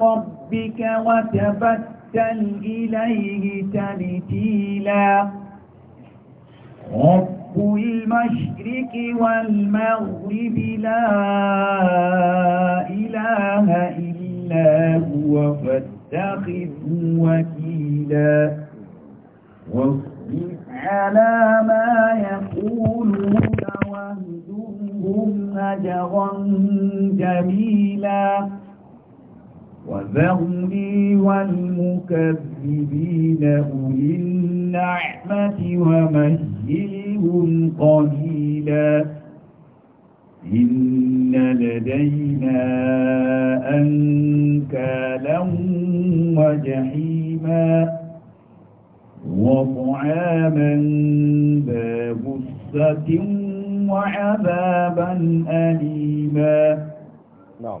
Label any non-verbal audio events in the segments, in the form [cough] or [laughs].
ربك وتبتل إليه تبتيلا رب المشرق والمغرب لا إله إلا هو فاتخذه وكيلا واصبر على ما يقولون واهدوهم أجرا جميلا وذرني والمكذبين أولي النعمة ومهلهم قليلا إن لدينا أنكالا وجحيما وطعاما ذا غصة وعذابا أليما نعم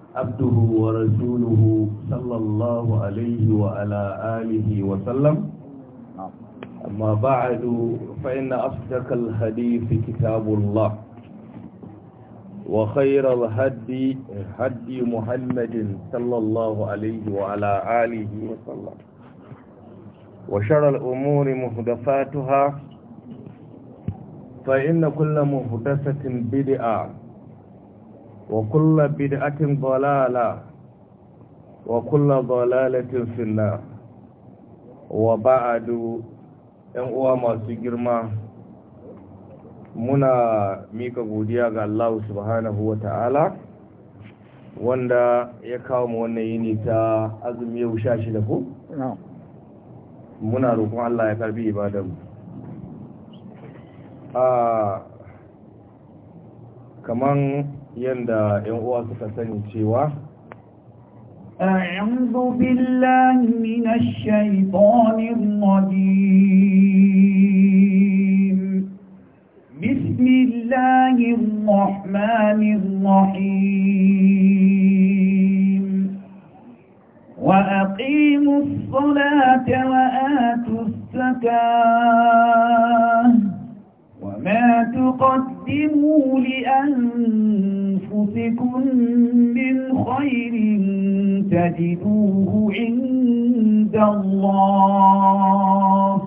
عبده ورسوله صلى الله عليه وعلى آله وسلم أما بعد فإن أصدق الحديث كتاب الله وخير الهدي هدي محمد صلى الله عليه وعلى آله وسلم وشر الأمور مهدفاتها فإن كل مهدفة بدعة وكل بدعة ضلالة وكل ضلالة في النار وبعد ان هو ما girma منا ميكا godiya ga Allah subhanahu wa wanda ya kawo mu wannan yini ta azumi ya wusha shi da ku? muna roƙon Allah ya karbi ibadanmu a ah, kaman يندى ان uwa suka sani أعوذ بالله من الشيطان الرجيم بسم الله الرحمن الرحيم وأقيموا الصلاة وآتوا الزكاة وما تقدموا تقدموا لأنفسكم من خير تجدوه عند الله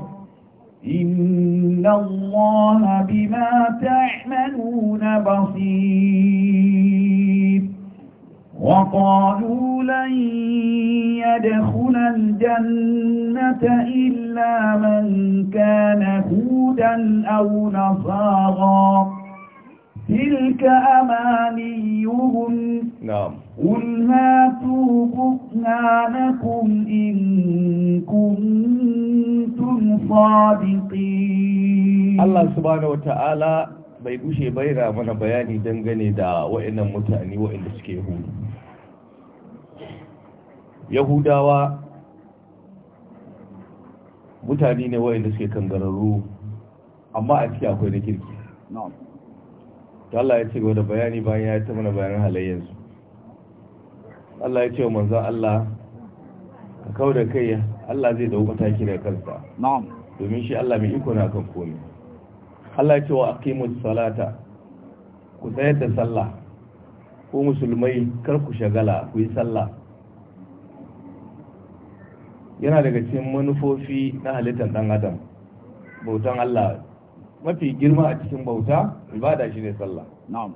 إن الله بما تعملون بصير وقالوا لن يدخل الجنة إلا من كان هودا أو نصارا تلك أمانيهم نعم قل هاتوا بطنانكم إن كنتم صادقين الله سبحانه وتعالى bai gushe bai mana bayani dangane da wa'annan mutane wa'anda suke hudu yahudawa mutane ne wa'anda suke kangararru amma a ciki akwai na kirki to Allah ya ce gaba da bayani bayan ya yi ta mana bayanin halayyarsu Allah ya ce wa manzan Allah ka kawo da kai Allah zai dauka taki da kansa domin shi Allah mai iko na kan komai Allah ya ce wa aqimus salata ku tsayar da sallah ko musulmai kar ku shagala ku yi sallah yana daga cikin manufofi na halittar dan adam bautan Allah mafi girma a cikin bauta ibada ne sallah na'am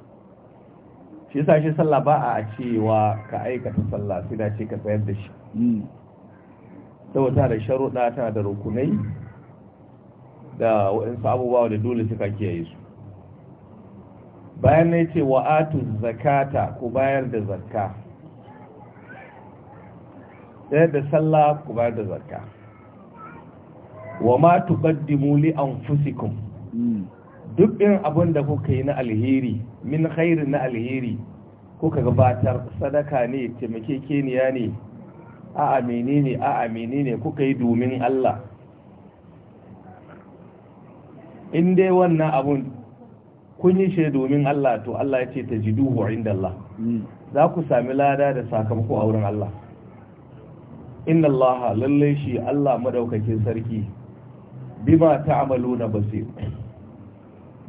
shi yasa shi sallah ba a cewa ka aikata sallah sai da ce ka tsayar da shi hmm. saboda da sharuɗa tana da rukunai da waɗansu abubuwa da dole suka kiyaye su bayan ne ce wa atu zakata ku bayar da zakka tsayar da sallah ku bayar da zakka wa ma tuqaddimu an fusikun hmm. duk irin abin da kuka yi na alheri min khairi na alheri kuka gabatar sadaka ne taimakekeniya ne a amini ne a amini ne kuka yi domin Allah in dai wannan abun kun yi shi domin Allah to Allah ya ce ta ji duhu inda Allah hmm. za ku sami lada da sakamako a wurin Allah inna Allah lallai shi Allah madaukakin sarki bima amalu na basir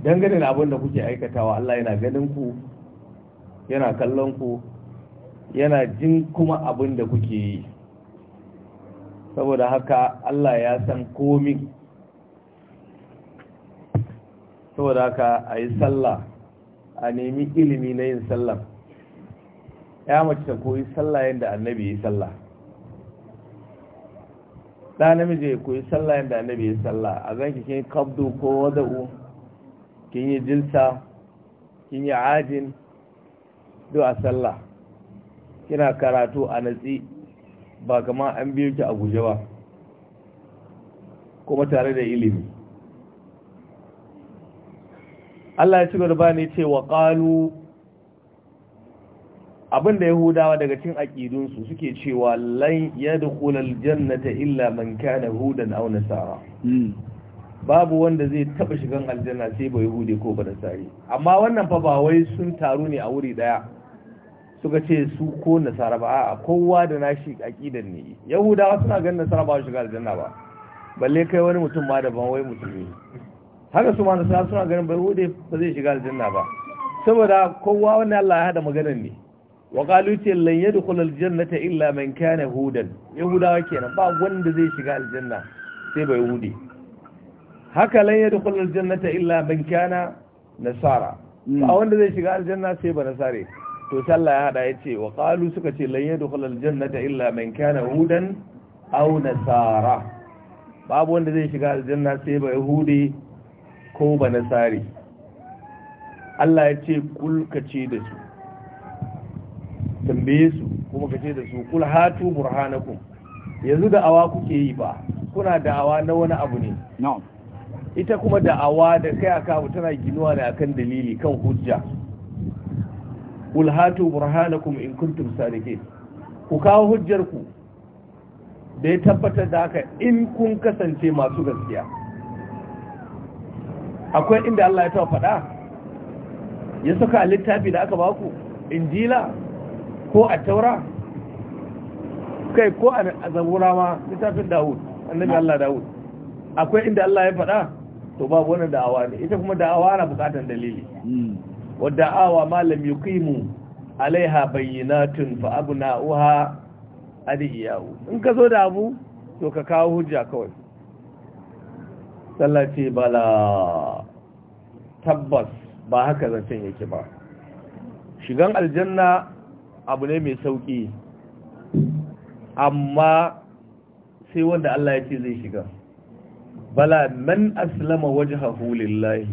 dangane da abin da kuke aikatawa Allah yana ganin ku yana kallon ku yana jin kuma abin da kuke yi saboda haka Allah ya san komi saboda haka a yi sallah a nemi ilimi na yin sallah ya mace ta koyi sallah yadda annabi ya yi sallah da namiji ya koyi sallah yadda annabi ya yi sallah a zan kin kabdu ko wada'u kin yi jilsa kin yi ajin do a sallah kina karatu a natsi ba kama an biyo ki a guje ba kuma tare da ilimi Allah ya ci gaba ne ce wa qalu abinda yahudawa daga cin aƙidunsu suke cewa lan yadkhulul jannata illa man kana hudan aw nasara hmm. babu wanda zai taba shigan aljanna sai ba yahudi ko ba nasari amma wannan fa ba wai sun taru ne a wuri daya suka ce su ko nasara ba a kowa da nashi aqidar ne yahudawa suna ganin nasara ba shiga aljanna ba balle kai wani mutum ma daban wai musulmi haka su ma nasara suna ganin ba yahudi ba zai shiga aljanna ba saboda kowa wani Allah ya hada maganar ne wa qalu ce lan yadkhul aljannata illa man kana hudan yahudawa kenan ba wanda zai shiga aljanna sai ba yahudi haka lan yadkhul aljannata illa man kana nasara hmm. ba wanda zai shiga aljanna sai ba nasare to sallah ya hada yace wa qalu suka ce lan yadkhul aljannata illa man kana hudan aw nasara babu wanda zai shiga aljanna sai ba yahudi ko ba nasare Allah ya ce kul kace da su tambaye su kuma kace da su kul hatu burhanakum yanzu da awa kuke yi ba kuna da awa na wani abu ne na'am ita kuma da'awa da kai aka abu tana ginuwa ne akan dalili kan hujja ulhatu burhanakum in kuntum sadiqin ku kawo hujjar ku da ya tabbatar da haka in kun kasance masu gaskiya akwai inda Allah ya taɓa faɗa ya saka littafi da aka baku injila ko a taura kai ko a zaburawa littafin dawud annabi Allah dawud akwai inda Allah ya faɗa to babu wannan da'awa ne ita kuma da'awa na bukatan dalili hmm. wa da'awa malam yuqimu alaiha bayyinatun fa abna'uha adiyahu in ka zo da abu to ka kawo hujja kawai sallati ce bala tabbas ba haka zancen yake ba shigan aljanna abu ne mai sauki amma sai wanda Allah ya ce zai shiga بلى من أسلم وجهه لله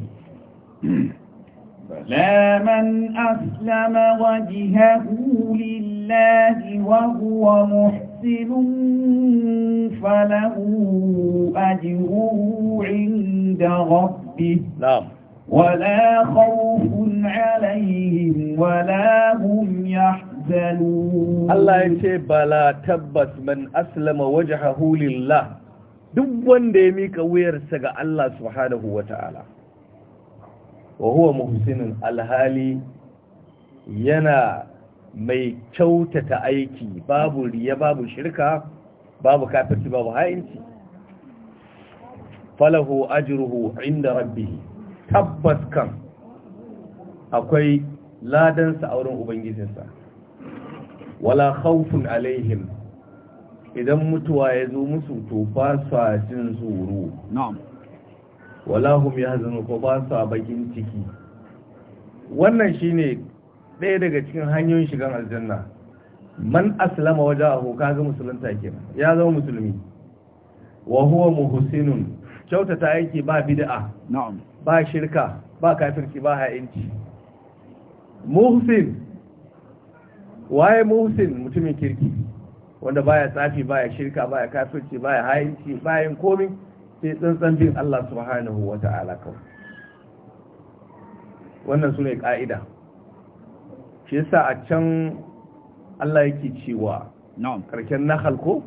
لا من أسلم وجهه لله وهو محسن فله أجره عند ربه نعم ولا خوف عليهم ولا هم يحزنون الله يقول لا تبت من أسلم وجهه لله duk wanda ya mika wuyarsa ga Allah subhanahu wata'ala ta'ala wa huwa muhsinin alhali yana mai kyautata aiki babu riya babu shirka babu kafirci babu ha'inci falahu ajruhu inda rabbih tabbas kan akwai ladansa auren wurin ubangijinsa wala khawfun alaihim idan mutuwa ya zo musu to ba sa jin tsoro wala hum yahzanu ko ba sa bakin ciki wannan shine ɗaya daga cikin hanyoyin shigan aljanna man aslama wajahu kaga musulunta ke. ya zama musulmi wa huwa muhsinun kyautata aiki ba bid'a na'am ba shirka ba kafirci ba ha'inci muhsin waye muhsin mutumin kirki wanda baya tsafi baya shirka baya kafirci baya hayinci bayan komi sai tsantsan bin Allah subhanahu wa ta'ala kawai wannan su ne ƙa'ida shi yasa a can Allah yake cewa karken na halko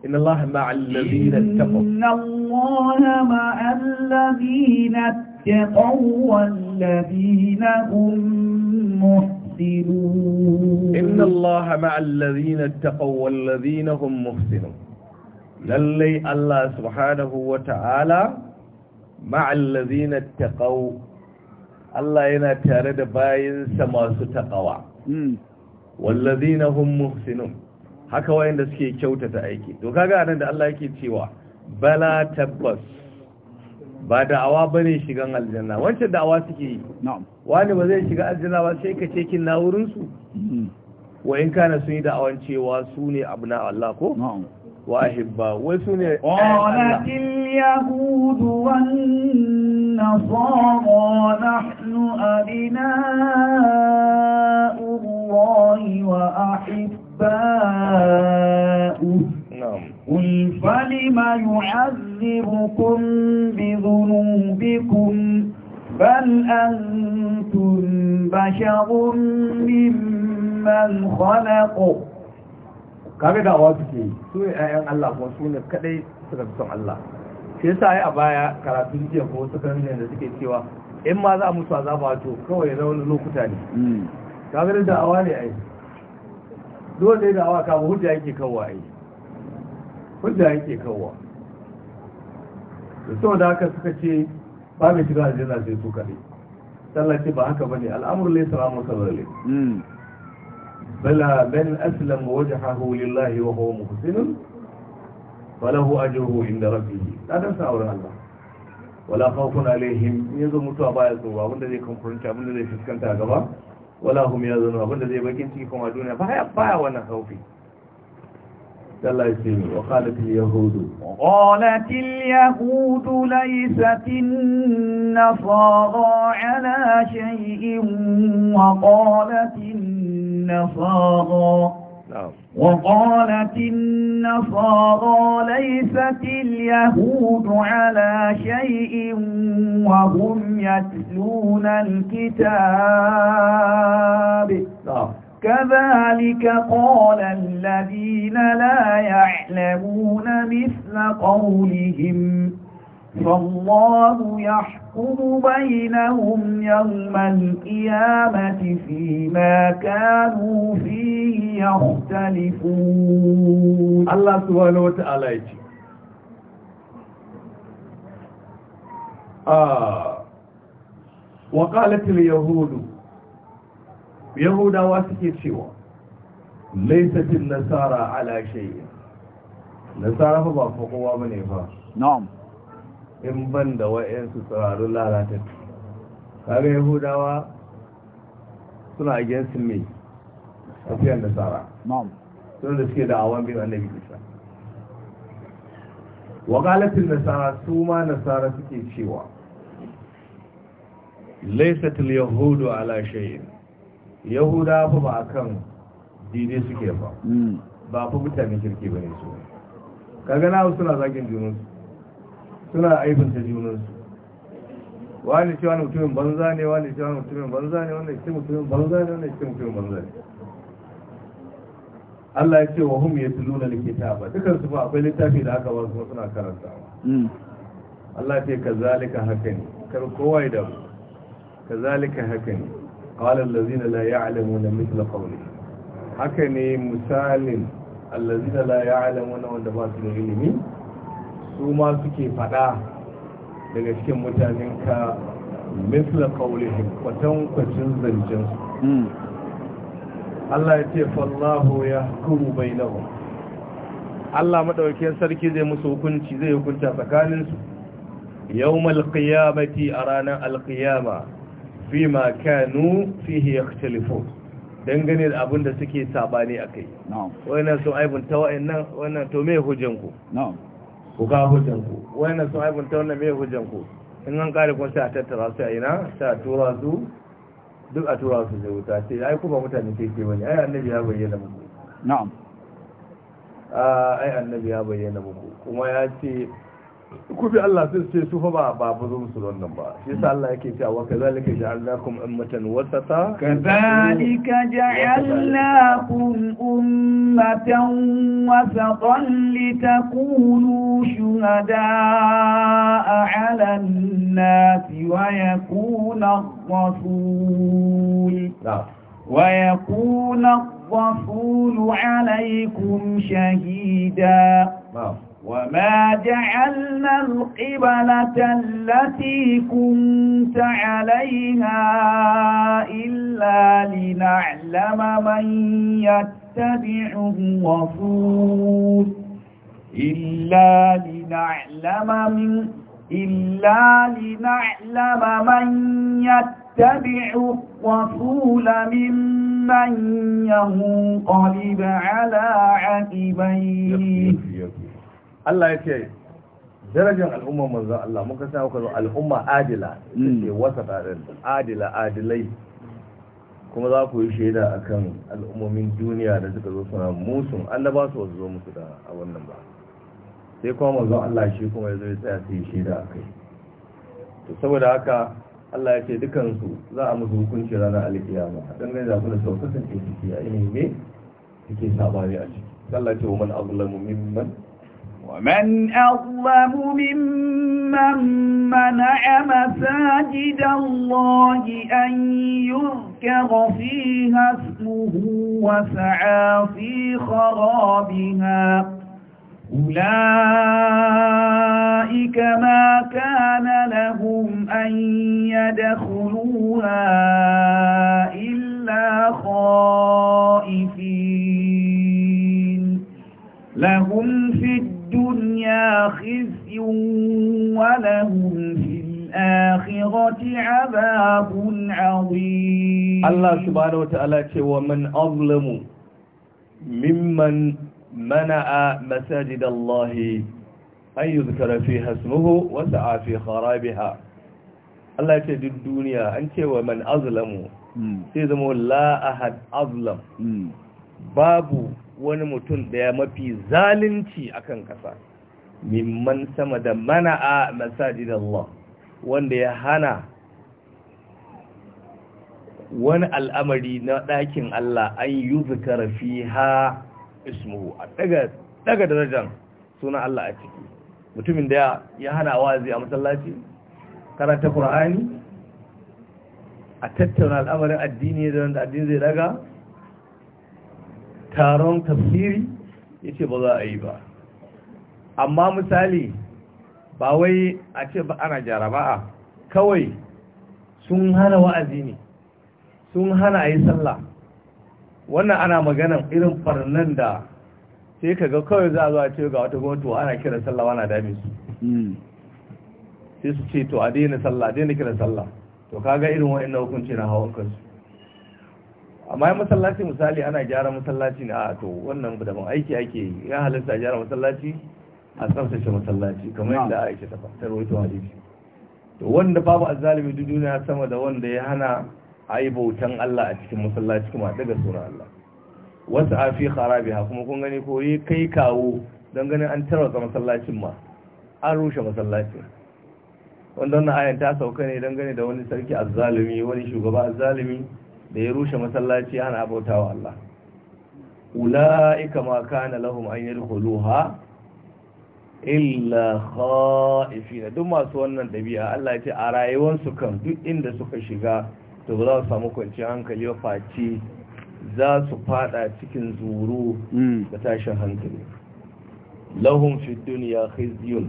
إن الله مع الذين اتقوا إن الله مع الذين اتقوا والذين هم محسنون يَخْسِرُونَ إِنَّ اللَّهَ مَعَ الَّذِينَ اتَّقَوْا وَالَّذِينَ هُمْ مُحْسِنُونَ لَلَّي اللَّهُ سُبْحَانَهُ وَتَعَالَى مَعَ الَّذِينَ اتَّقَوْا الله yana tare da bayansa masu taqwa wallazina hum muhsinun haka wayanda suke kyautata aiki to kaga anan da Allah yake cewa bala tabbas ba da'awa ba ne shigan aljanna wancan da'awa suke yi wani ba zai shiga aljanna ba sai ka ce kin na wurinsu mm-hmm. wa in kana sun yi da'awan cewa su ne abu na Allah ko wa ahibba wai su ne Allah نعم قل فلم يعذبكم بذنوبكم بل أنتم بشر ممن خلق kame da wasu ke su ne 'ya'yan Allah kuma su ne kadai suka fi son Allah shi yasa yi a baya karatu jiya ko wasu karnin da suke cewa in ma za a mutu azaba to kawai na wani lokuta ne kamar da awa ne ai dole da awa kama hujja yake kawo ai hujja yake kawowa da sau da haka suka ce ba mai shiga a aljanna sai su kaɗai sallah ba haka bane al'amur lai salamu sallalai hmm. bala ben aslam wajhahu lillahi wa huwa muhsinun falahu ajruhu inda rabbih ladan sa auren Allah wala khawfun alaihim yanzu mutuwa ba baya tsoro abinda zai kamfurunta abinda zai fuskanta gaba wala hum yazunu abinda zai bakin ciki kuma duniya Ba baya baya wannan khawfi وقالت اليهود وقالت اليهود ليست النصارى على شيء وقالت النصارى نعم. وقالت النصارى ليست اليهود على شيء وهم يتلون الكتاب نعم. كذلك قال الذين لا يعلمون مثل قولهم فالله يحكم بينهم يوم القيامة فيما كانوا فيه يختلفون الله سبحانه وتعالى آه وقالت اليهود yahudawa suke cewa laisatin nasara ala shayi nasara fa ba kowa ba ne fa na'am in ban da wa'yansu tsararru lalata Kare yahudawa suna against me tafiyar nasara na'am sun da suke da da'awan bin annabi isa wakalatin nasara su ma nasara suke cewa laisatul yahudu ala shayin yahuda ba ba kan dide suke ba hmm. ba fa mutane kirki ba ne su kaga wasu suna zagin junansu suna aibinta junansu wani ce wani mutumin banza ne wani ce wani mutumin banza ne wani ce mutumin banza ne wani ce mutumin banza ne Allah ya ce wa hum yatluna kitaba dukan su ba akwai littafi da aka ba su suna karantawa hmm. Allah ya ce kazalika haka kar kowa ya damu kazalika haka qala allazina la ya'lamuna mithla qawlihi haka ne misalin allazina la na wanda ba su da ilimi su ma suke fada daga cikin mutanen ka mithla qawlihim kwatankwacin kwacin zancen su Allah ya ce fallahu bai bainahum Allah madaukakin sarki zai musu hukunci zai hukunta tsakaninsu yawmal qiyamati a ranar alqiyama bima kanu fihi yakhtalifun dangane da abin da suke sabani akai na'am wannan sun aibun ta wayannan wannan to me hujjan ku na'am ku ga hujjan ku wannan sun aibun ta wannan me hujjan ku in an kare kun sai a tattara su a ina sai a tura su duk a tura su sai wuta sai ai kuma mutane sai ke bane ai annabi ya bayyana muku na'am ah, ai annabi ya bayyana muku kuma ya ce ku bi Allah sai ce su fa ba ba buzo musu wannan ba shi yasa Allah yake cewa wa kazalika ja'alnakum ummatan wasata kazalika ja'alnakum ummatan wasatan litakunu shuhada'a 'ala an-nasi wa yakuna kuna rasul ويكون الرسول عليكم shahida. وما جعلنا القبلة التي كنت عليها إلا لنعلم من يتبع الرسول إلا لنعلم من إلا لنعلم من يتبع الرسول ممن ينقلب على عقبيه Allah ya ce darajar al'umma manzon Allah muka sa ku al'umma adila ce mm. wasa tare adila adilai kuma za ku yi shaida akan al'ummomin duniya da suka zo suna musun annaba su zo musu da a wannan ba sai kuma manzon Allah shi kuma ya zo ya tsaya su yi shaida akai to saboda haka Allah ya ce su za a musu hukunci ranar alkiyama dan da abin da sau kasance ciki a me suke sabani a ciki Allah ce wa man azlamu mimman ومن أظلم ممن منع مساجد الله أن يذكر فيها اسمه وسعى في خرابها أولئك ما كان لهم أن يدخلوها Allah shi ba da wata ala ce wa min azlamu mimman mana'a masajid Allahi an yi zukara fi hasnuhu wasu a fi harabiha. Allah ce duk duniya an ce wa min azlamu sai zama la'ahad azlam babu wani mutum da mafi zalunci akan kasa mimman sama da mana'a masajid Allahi. wanda ya hana wani al'amari na ɗakin Allah an yi zukara fi ha ismu a daga darajar suna Allah a ciki mutumin da ya hana wazi a masallaci karanta ƙura'ani a tattauna al'amarin addini da wanda addini zai daga taron tafsiri ya ce ba za a yi ba amma misali ba wai a ce ba ana a, kawai sun hana wa'azi ne sun hana a yi sallah wannan ana maganan irin farnan da sai ka ga kawai za a zuwa ce ga wata gwamnati ana kira sallah wana dami su hmm. sai su ce to a daina sallah a daina kira sallah to kaga irin wa'in na hukunci na hawan kansu amma yi masallaci misali ana gyara masallaci ne a to wannan daban aiki ake yi ya halitta gyara masallaci a tsaftace masallaci kamar yadda aisha ta fasar wato hadisi to wanda babu azzalimi duk duniya sama da wanda ya hana ayi bautan Allah a cikin masallaci kuma daga sunan Allah wasu afi kharabiha kuma kun gani ko yi kai kawo don ganin an tarwatsa masallacin ma an rushe masallacin wanda wannan ayan ta sauka ne don gani da wani sarki azzalimi wani shugaba azzalimi da ya rushe masallaci hana abautawa Allah ula'ika ma kana lahum an yadkhuluha illa kha'ifina duk masu wannan dabi'a Allah ya ce a rayuwarsu kan duk inda suka shiga to ba za su samu kwanciyar hankali ba face za su fada cikin zuru hmm. da tashin hankali lahum fi dunya khizyun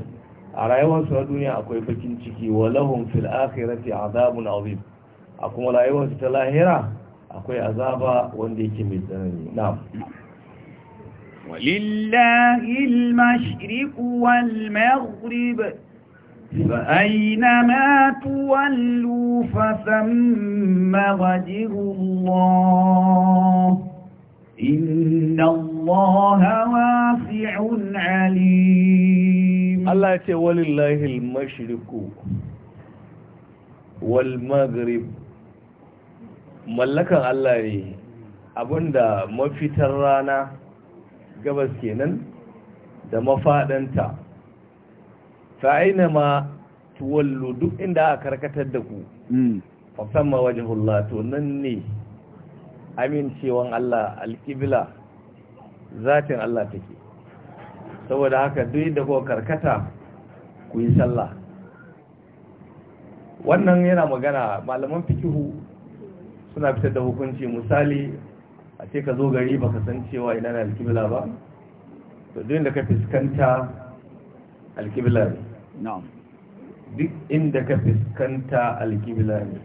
a rayuwarsu na duniya akwai bakin ciki wa lahum fil akhirati azabun azim a kuma rayuwarsu ta lahira akwai azaba wanda yake mai tsanani na'am ولله المشرق والمغرب فأينما تولوا فثم وجه الله إن الله واسع عليم الله يقول لله المشرق والمغرب ملكا الله ne abinda mafitar rana gabas kenan da mafaɗanta fa'ina ma tuwallo duk inda aka karkatar da ku musamman mm. wajen hulato nan ne amincewan Allah alƙibla zatin Allah take saboda haka duk da kuwa karkata ku yi sallah wannan yana magana malaman fikihu suna fitar da hukunci misali a ce ka zo gari ka san cewa ina na alkibla ba to duk da ka fuskanta alkibla ne duk inda ka fuskanta alkibla ne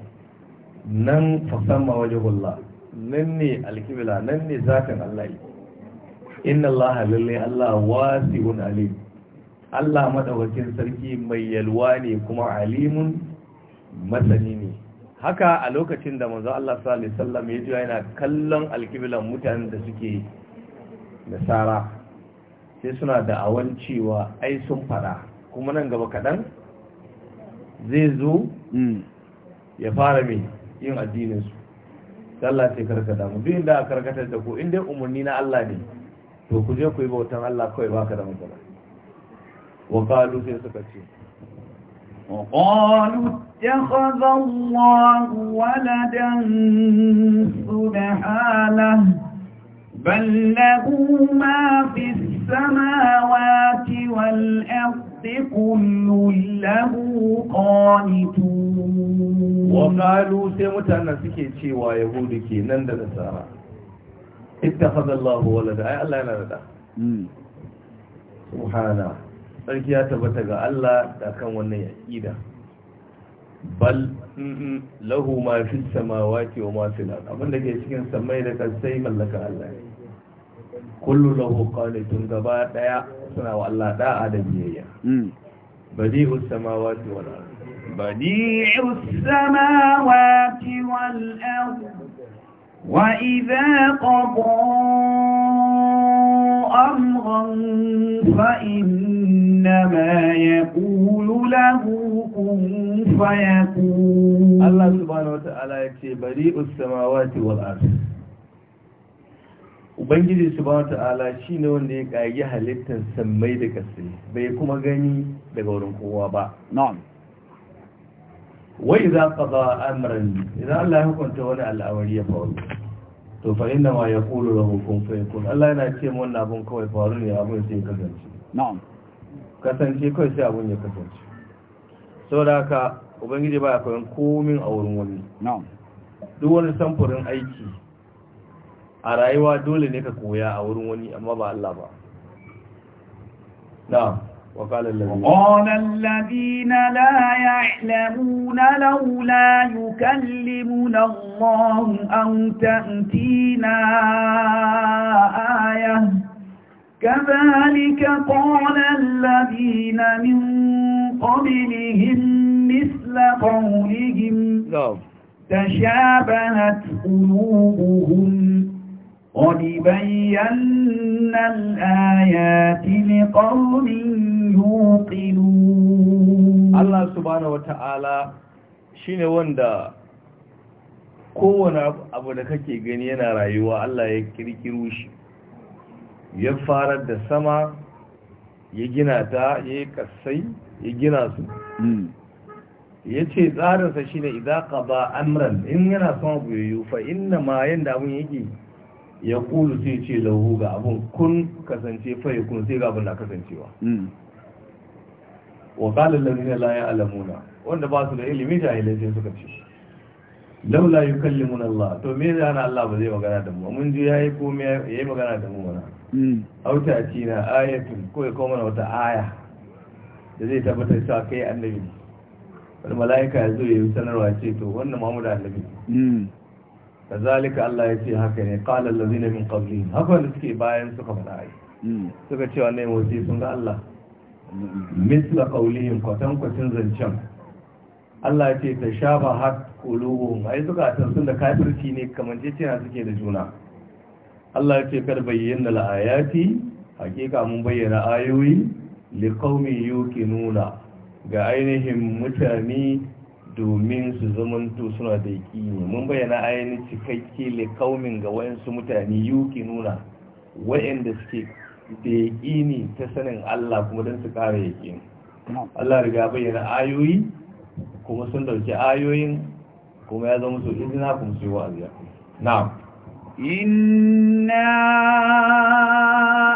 nan fasamma hula nan ne alkibla nan ne zaton Allah inna Allah lalle Allah wasi'un alim Allah madaukakin sarki mai yalwa ne kuma alimun masani ne haka a lokacin da manzo Allah sallallahu alaihi wasallam ya yana kallon alkiblan mutanen da suke nasara sai suna da awan cewa ai sun fada kuma nan gaba kadan zai zo mm. ya fara mai yin addinin su Allah sai karkata mu duk inda karkata da ku inda umarni na Allah ne to ku je ku yi bautan Allah kawai baka da matsala wa qalu sai suka ce وقالوا اتخذ الله ولدا سبحانه بل له ما في السماوات والأرض كل له قانتون وقالوا سيمتنا سكي تشيوى يهودك نند نسارا اتخذ الله ولدا أي الله ينادى سبحانه tsarki ya tabbata ga Allah da kan wannan yaƙida bal lahu ma fi samawati wa ma al ard abin da ke cikin samai da kasai mallaka Allah ne kullu lahu qanitun gaba daya suna wa Allah da'a da biyayya mm. badi'us samawati wal ard badi'us samawati wal ard wa idha qadaa أمرا فإنما يقول له كن فيكون الله سبحانه وتعالى يكتب بريء السماوات والأرض Ubangiji subhanahu ta'ala ne wanda ya kage halittar sammai da ƙasa bai kuma gani daga wurin kowa ba Wai za idza qada amran idan Allah ya hukunta wani al'amari ya faru to fa inna ma yaqulu lahu kun fayakun Allah yana ce mun abun kawai faru ne abun sai kasance na'am kasance kawai sai abun ya kasance saboda haka ubangiji ba ya koyon komin a wurin wani na'am duk wani samfurin aiki a rayuwa dole ne ka koya a wurin wani amma ba Allah ba na'am وقال الذين, وقال الذين لا يعلمون لولا يكلمنا الله أو تأتينا آية كذلك قال الذين من قبلهم مثل قولهم نعم. تشابهت قلوبهم قد الآيات لقوم يوقنون الله سبحانه وتعالى shine wanda kowane abu da kake gani yana rayuwa Allah ya kirkiro shi ya farar da sama ya gina ta ya yi kasai ya gina su hmm. ya ce tsarinsa shine idan ka ba amran in yana son abu yayu fa inna ma yanda abun yake ya kulu sai ce lahu ga abun kun kasance fai kun sai ga abun na kasancewa hmm. wa qala allazina la ya'lamuna wanda ba su da ilimi jahilai sai suka ce laula yukallimuna Allah to me na Allah ba zai magana da mu mun ji yayi ko me yayi magana da mu mana hmm. auta ci na ayatun ko ya koma wata aya da zai tabbatar cewa kai annabi wani mala'ika ya zo ya yi sanarwa ce to wannan mamuda annabi kazalika Allah ya ce haka ne qala allazina min qablihim haka da suke bayan suka faɗa ai hmm. suka ce wannan wace sun ga Allah hmm. misla qawlihim kwatan zancen Allah ya ce tashabahat quluhum ai can sun da kafirci ne kamar ce cewa suke da juna Allah ya ce kar bayyana da la'ayati hakika mun bayyana ayoyi yuki nuna. ga ainihin mutane domin su zamanto suna da yaƙini mun bayyana ainihin cikakke le kaumin ga wayansu mutane yuki nuna wayanda suke da ne ta sanin Allah kuma dan su ƙara yaƙini Allah riga bayyana ayoyi kuma sun dauke ayoyin kuma ya zama su izina kuma su yi wa'aziya na'am inna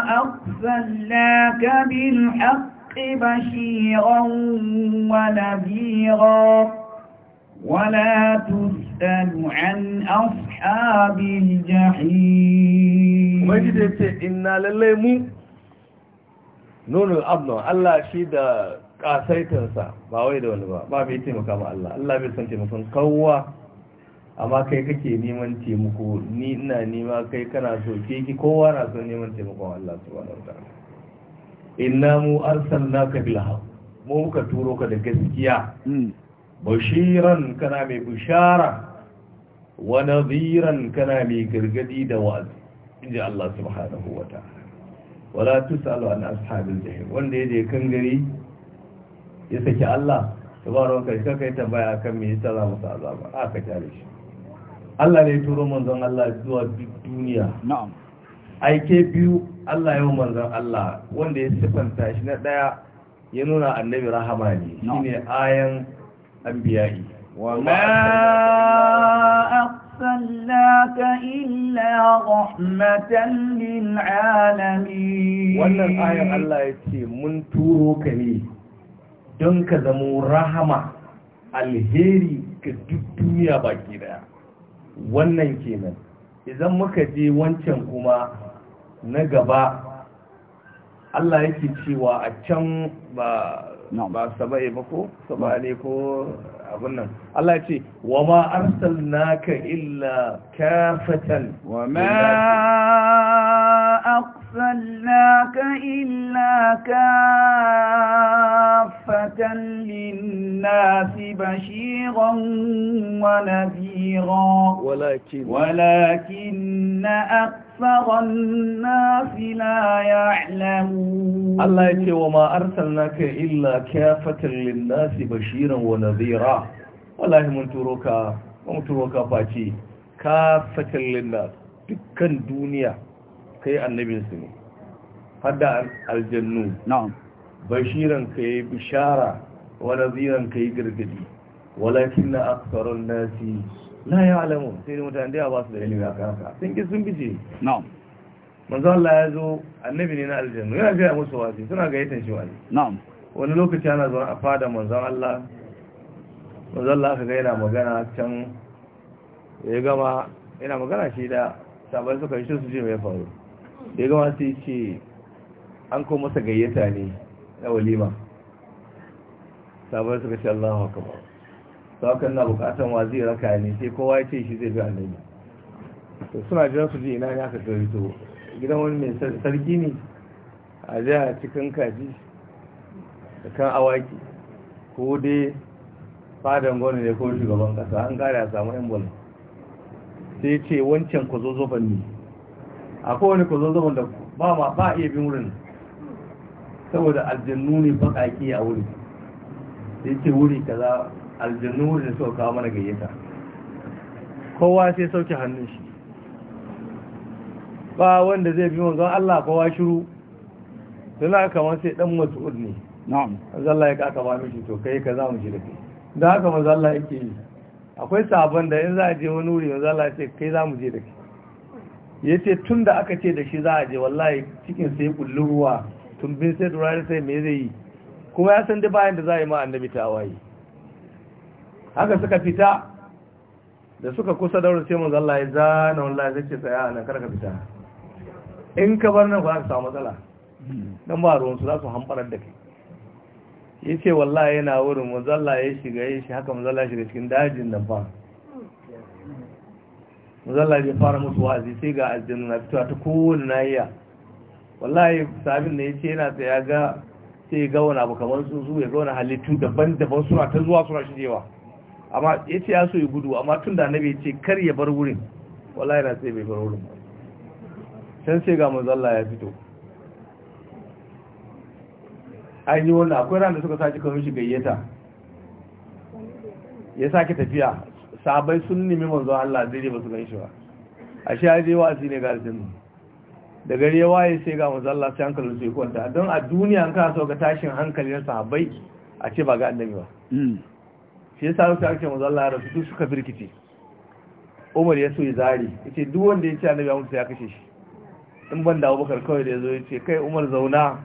aqsalaka bil haqq wa nabira ولا تسأل عن أصحاب الجحيم ما جدت إنا لليمو نون الأبنى الله شيد ƙasaitinsa ba wai da wani ba بيتي bai taimaka ma Allah Allah bai قوة taimakon kowa amma kai kake neman taimako ni ina nema kai kana so keki kowa na so neman taimakon Allah su wa ta'ala Ina mu arsalnaka bil haqq mu muka turo ka da gaskiya hmm. bashiran kana mai bishara wa nadhiran kana mai gargadi da wa'azi ji Allah subhanahu wa ta'ala wala tusalu an ashabil jahim wanda yaje kan gari ya saki Allah tabaraka kai kai tambaya kan me yasa za mu sa azaba aka tare shi Allah ne turo manzon Allah zuwa duniya na'am aike biyu Allah yau manzon Allah wanda ya sifanta shi na daya ya nuna annabi rahama ne shine ayan أنبيائه وما أرسلناك إلا رحمة للعالمين wannan ayar Allah ya ce mun turo ka ne don ka zamo rahama alheri ga duk duniya baki daya wannan kenan idan muka je wancan kuma na gaba Allah yake cewa a can ba ba saba'i ba ko saba'ale ko abin nan Allah ce wa ma naka illa kafatan wa ma أرسلناك إلا كافة للناس بشيرا ونذيرا ولكن, ولكن أكثر الناس لا يعلمون الله يقول وما أرسلناك إلا كافة للناس بشيرا ونذيرا والله من تروك ومن تروك فاتي كافة للناس دكان دنيا kai annabinsu ne hada aljannu na'am bashiran kai bishara wa naziran kai girgidi walakin na aksarun nasi la ya'lamu sai da mutane da ba su da ilimi akan haka sun ki sun bice na'am manzo Allah ya zo annabi ne na aljannu yana ga musu wasi suna ga yatan shi wani na'am wani lokaci ana zuwa a fada manzo Allah manzo Allah ka ga yana magana can ya gama yana magana shi da sabai suka yi shi su ji mai faru ya gama sai ce an kuma masa gayyata ne na walima sabon suka ce Allah akbar kan na bukatan wa zai raka ne sai kowa ya ce shi zai bi annabi to suna jiran su ji ina ne aka to gidan wani mai sarki ne a jiya cikin kaji da kan awaki ko dai fadan gwani ne ko shugaban kasa an kare a samu yan sai ce wancan ku zo zo ne a kowane ku zazzaban da ba ma ba iya bin wurin saboda aljannu ne bakaki a wuri sai ce wuri za aljannu ne suka kawo mana gayyata kowa sai sauke hannun shi ba wanda zai bi wanzan Allah kowa shiru suna kamar sai dan mas'ud urni na'am Allah ya kaka ba mishi to kai ka za mu shi da kai da haka mazalla yake yi akwai sabon da in za a je wani wuri mazalla ya ce kai za mu je da kai ya ce tun da aka ce da shi za a je wallahi cikin sai kullum ruwa tun bin sai durari sai me zai yi kuma ya san da bayan da za a yi ma annabi tawaye haka suka fita da suka kusa daura sai manzo Allah ya zana wallahi zai ce tsaya nan karka fita in ka bar nan ba ka samu matsala dan ba ruwan su za su hamɓarar da kai Ya ce wallahi yana wurin manzo ya shiga ya shi haka manzo ya shiga cikin dajin nan ba mazalla ya fara mutu wa'azi sai ga aljanu na fitowa ta kowane nahiya wallahi sabin da ya ce yana tsaya ga sai ga wani abu kamar tsuntsu ya ga wani halittu daban-daban suna ta zuwa suna shigewa amma ya ce ya so ya gudu amma tun da nabi ce kar ya bar wurin wallahi na tsaye bai bar wurin can sai ga mazalla ya fito an yi wani akwai ran da suka sace kamar shi gayyata ya sake tafiya sabai sun nemi manzo Allah je ba su gan shi ba a sha je wa ne ga aljanna da gari ya waye sai ga manzo Allah sai hankalin su kwanta don a duniya an ka so ga tashin hankalin sahabbai a ce ba ga annabi ba hmm. shi yasa sai ake manzo Allah ya rasu suka birkice Umar ya so ya zari yace duk wanda ya ci annabi ya mutu ya kashe shi in ban da Abubakar kawai da yazo yace kai Umar zauna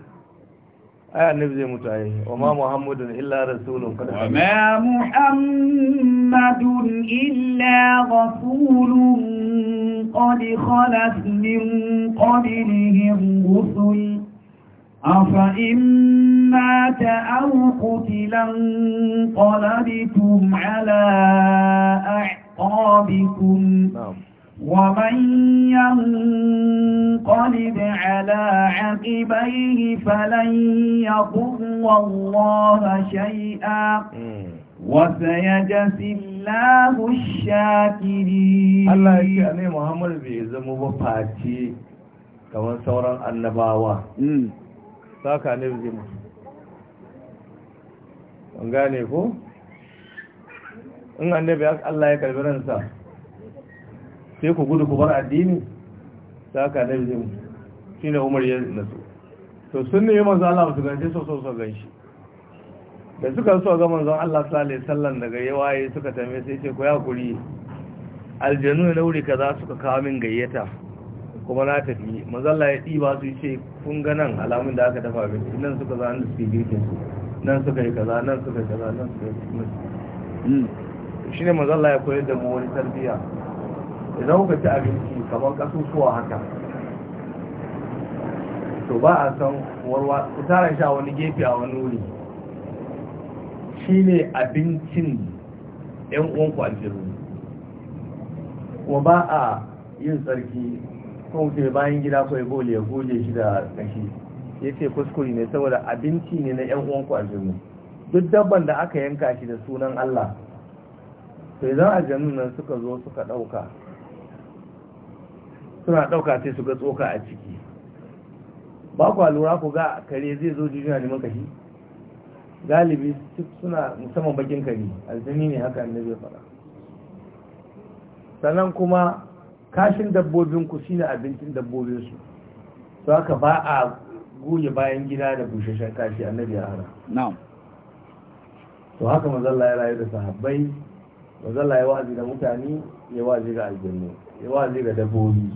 آية نبذي متعيه وما محمد إلا رسول وما محمد إلا رسول قد خلت من قبله الرسل أفإن مات أو قتلا قلبتم على أعقابكم نعم ومن ينقلب على عقبيه فلن يضر الله شيئا وسيجزي الله الشاكرين الله يكرمني محمد بيزمو بفاتي كمان سورا النباوة ساكا نبزمو an gane ko in annabi Allah ya karbi ransa sai ku gudu ku bar addini ta haka na biyu shi ne umar ya nasu to sun ne manzan Allah su ganci so so gan ganshi da suka so ga manzan Allah sallallahu sallan daga yawaye suka tambaye sai ce ku ya kuri aljanu na wuri ka su suka kawo min gayyata kuma na tafi mazalla ya ɗiba su ce kun ga nan alamun da aka dafa abinci nan suka za da suke girkin su nan suka yi kaza nan suka yi kaza nan suka yi kaza hmm. shi ne mazalla ya koyar da mu wani tarbiyya idan kuka ci abinci kamar kasusuwa haka to ba a san warwa ku tara sha wani gefe a wani wuri Shi ne abincin yan uwanku aljiru kuma ba a yin tsarki ko ce bayan gida ko ya gole ya gole shi da kashi ya ce kuskure ne saboda abinci ne na yan uwanku aljiru duk dabban da aka yanka shi da sunan Allah to idan aljanun nan suka zo suka ɗauka suna ɗauka sai su ga tsoka a ciki ba kwa lura ku ga kare zai zo jujuna neman kashi galibi suna musamman bakin kare alzini ne haka ne zai faɗa sannan kuma kashin dabbobinku shine abincin dabbobinsu su haka ba a goge bayan gida da bushashen kashi annabi ya hana to haka mazalla ya rayu da sahabbai mazalla ya wazi da mutane ya wazi ga aljannu ya wazi ga dabbobi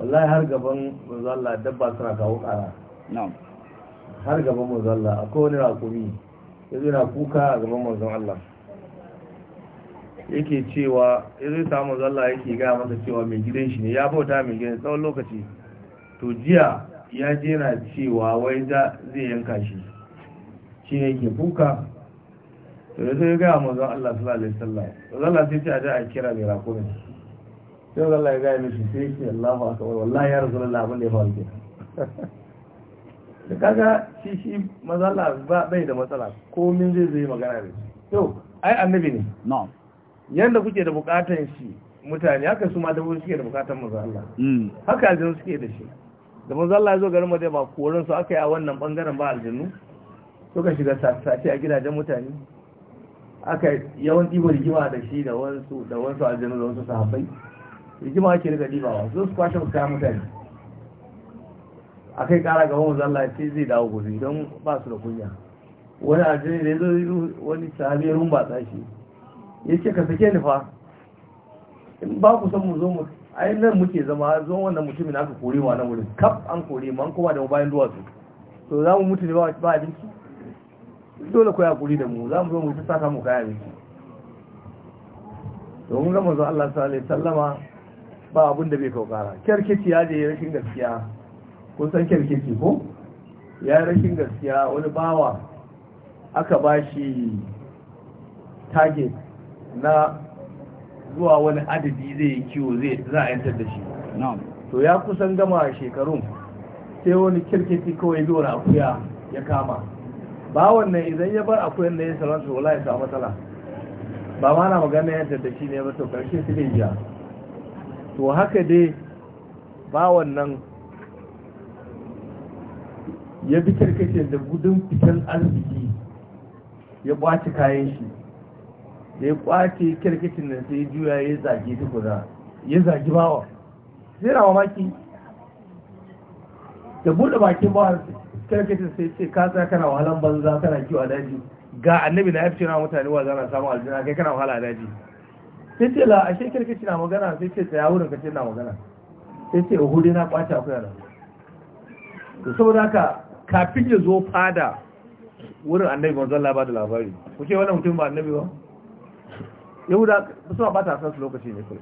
wallahi har gaban mazalla dabba suna kawo kara har gaban mazalla akwai wani rakumi ya zai na kuka a gaban mazan Allah yake cewa ya zai samu mazalla yake gaya masa cewa mai gidan shi ne ya bauta mai gidan tsawon lokaci to jiya ya je na cewa wai za zai yanka shi shi ne yake kuka to ya zo ya gaya mazan Allah sallallahu alaihi wasallam mazalla sai ce a je a kira mai rakumi sai Allah ya gaya mishi sai yake Allahu akbar wallahi ya rasulullah abin da ya faru kenan da kaga shi shi mazala ba bai da matsala min zai zai magana da shi to ai annabi ne na'am yanda kuke da bukatan shi mutane haka su ma wani suke da bukatan manzo Allah mm. haka aljanu suke da shi da manzo ya zo garin Madina ba korin su aka yi a wannan bangaren ba to ka shiga sace a gidajen mutane aka yawan ɗibar rigima da shi da wasu da da wasu sahabbai rigima ake rika dibawa zo su kwashe wasu kaya mutane a kai kara ga wanzu zalla sai zai dawo gobe don ba su da kunya wani aljini da ya zo wani sahabi ya rumba tsashi ya ce ka sake nufa fa in ba ku san mu zo mu ai nan muke zama zo wannan mutumin aka kore wa a nan wurin kaf an kore mu an koma da mu bayan duwatsu to za mu mutu ne ba abinci dole ko ya kuri da mu za mu zo mu ta saka mu kaya abinci mun gama zo Allah sallallahu alaihi wasallama ba abin da bai kaukara kyarkeci ya je rashin gaskiya kun san ko ya rashin gaskiya wani bawa aka ba shi target na zuwa wani adadi zai yi kiwo zai za a yantar da shi to ya kusan gama shekaru sai wani kirkiti kawai biyu wani akuya ya kama ba wannan idan ya bar akuyan da ya salon su wala ya samu matsala ba ma na magana yantar da shi ne ba to karshe su ne biya to haka dai ba wannan ya bi karkashin da gudun fitan arziki ya kwaci kayan shi da ya kwace karkashin da sai juya ya zage guda ya zage bawa sai rawa maki da buɗe bakin bawa karkashin sai ce ka tsaya kana wahalan banza kana kiwo a daji ga annabi na yafi na mutane wa zana samun aljina kai kana wahala a daji sai ce la ashe kirki na magana sai ce tsaya wurin ka ce na magana sai ce hudu na kwace akwai nan to saboda haka kafin ya zo fada wurin annabi manzo Allah ba da labari ku wannan mutum ba annabi ba yahuda ba ta san su lokaci ne kai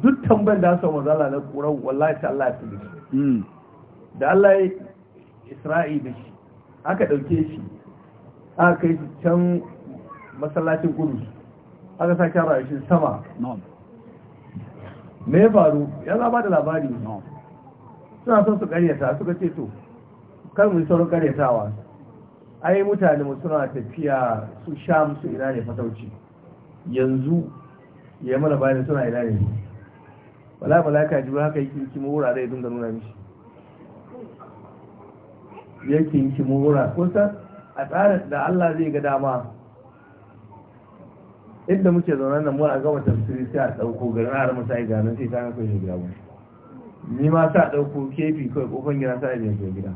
duk tambayar da su manzo Allah na kuran wallahi ta Allah ya tsige shi hmm. da Allah ya Isra'i da shi aka dauke shi aka kai can masallacin Qudus aka sa kyara shi sama me ya faru ya zaba da labari suna son su karyata suka ce to kar mu yi sauran karyatawa ai mutane mu suna tafiya su sha musu ina ne fatauci yanzu ya mana bayan suna ina ne wala malaka ji ba haka yake kimo wurare dinga nuna mishi yake kimo wurare kusa a tsarin da Allah zai ga dama inda muke zaune nan mu a gaba tafsiri sai a dauko garin har mu sai ganin sai ta kai gida mu ni ma sa dauko kefi kai kofan gida sai ne ke gida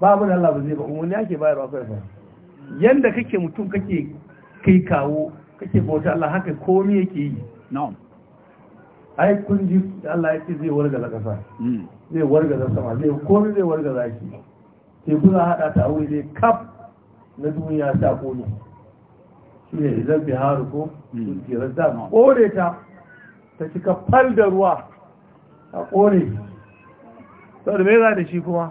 ba mu da Allah ba zai ba mun ake bayar ba kai fa yanda kake mutum kake kai kawo kake bauta Allah haka komai yake yi na'am ai kun ji Allah ya ce zai wargaza kasa hmm. zai wargaza sama zai komai zai wargaza shi sai kuna hada ta aure zai kaf na duniya ta kone ne rizal haru ko hmm. tsirar dama hmm. kore ta ta cika fal da ruwa a kore sau da za da shi kuma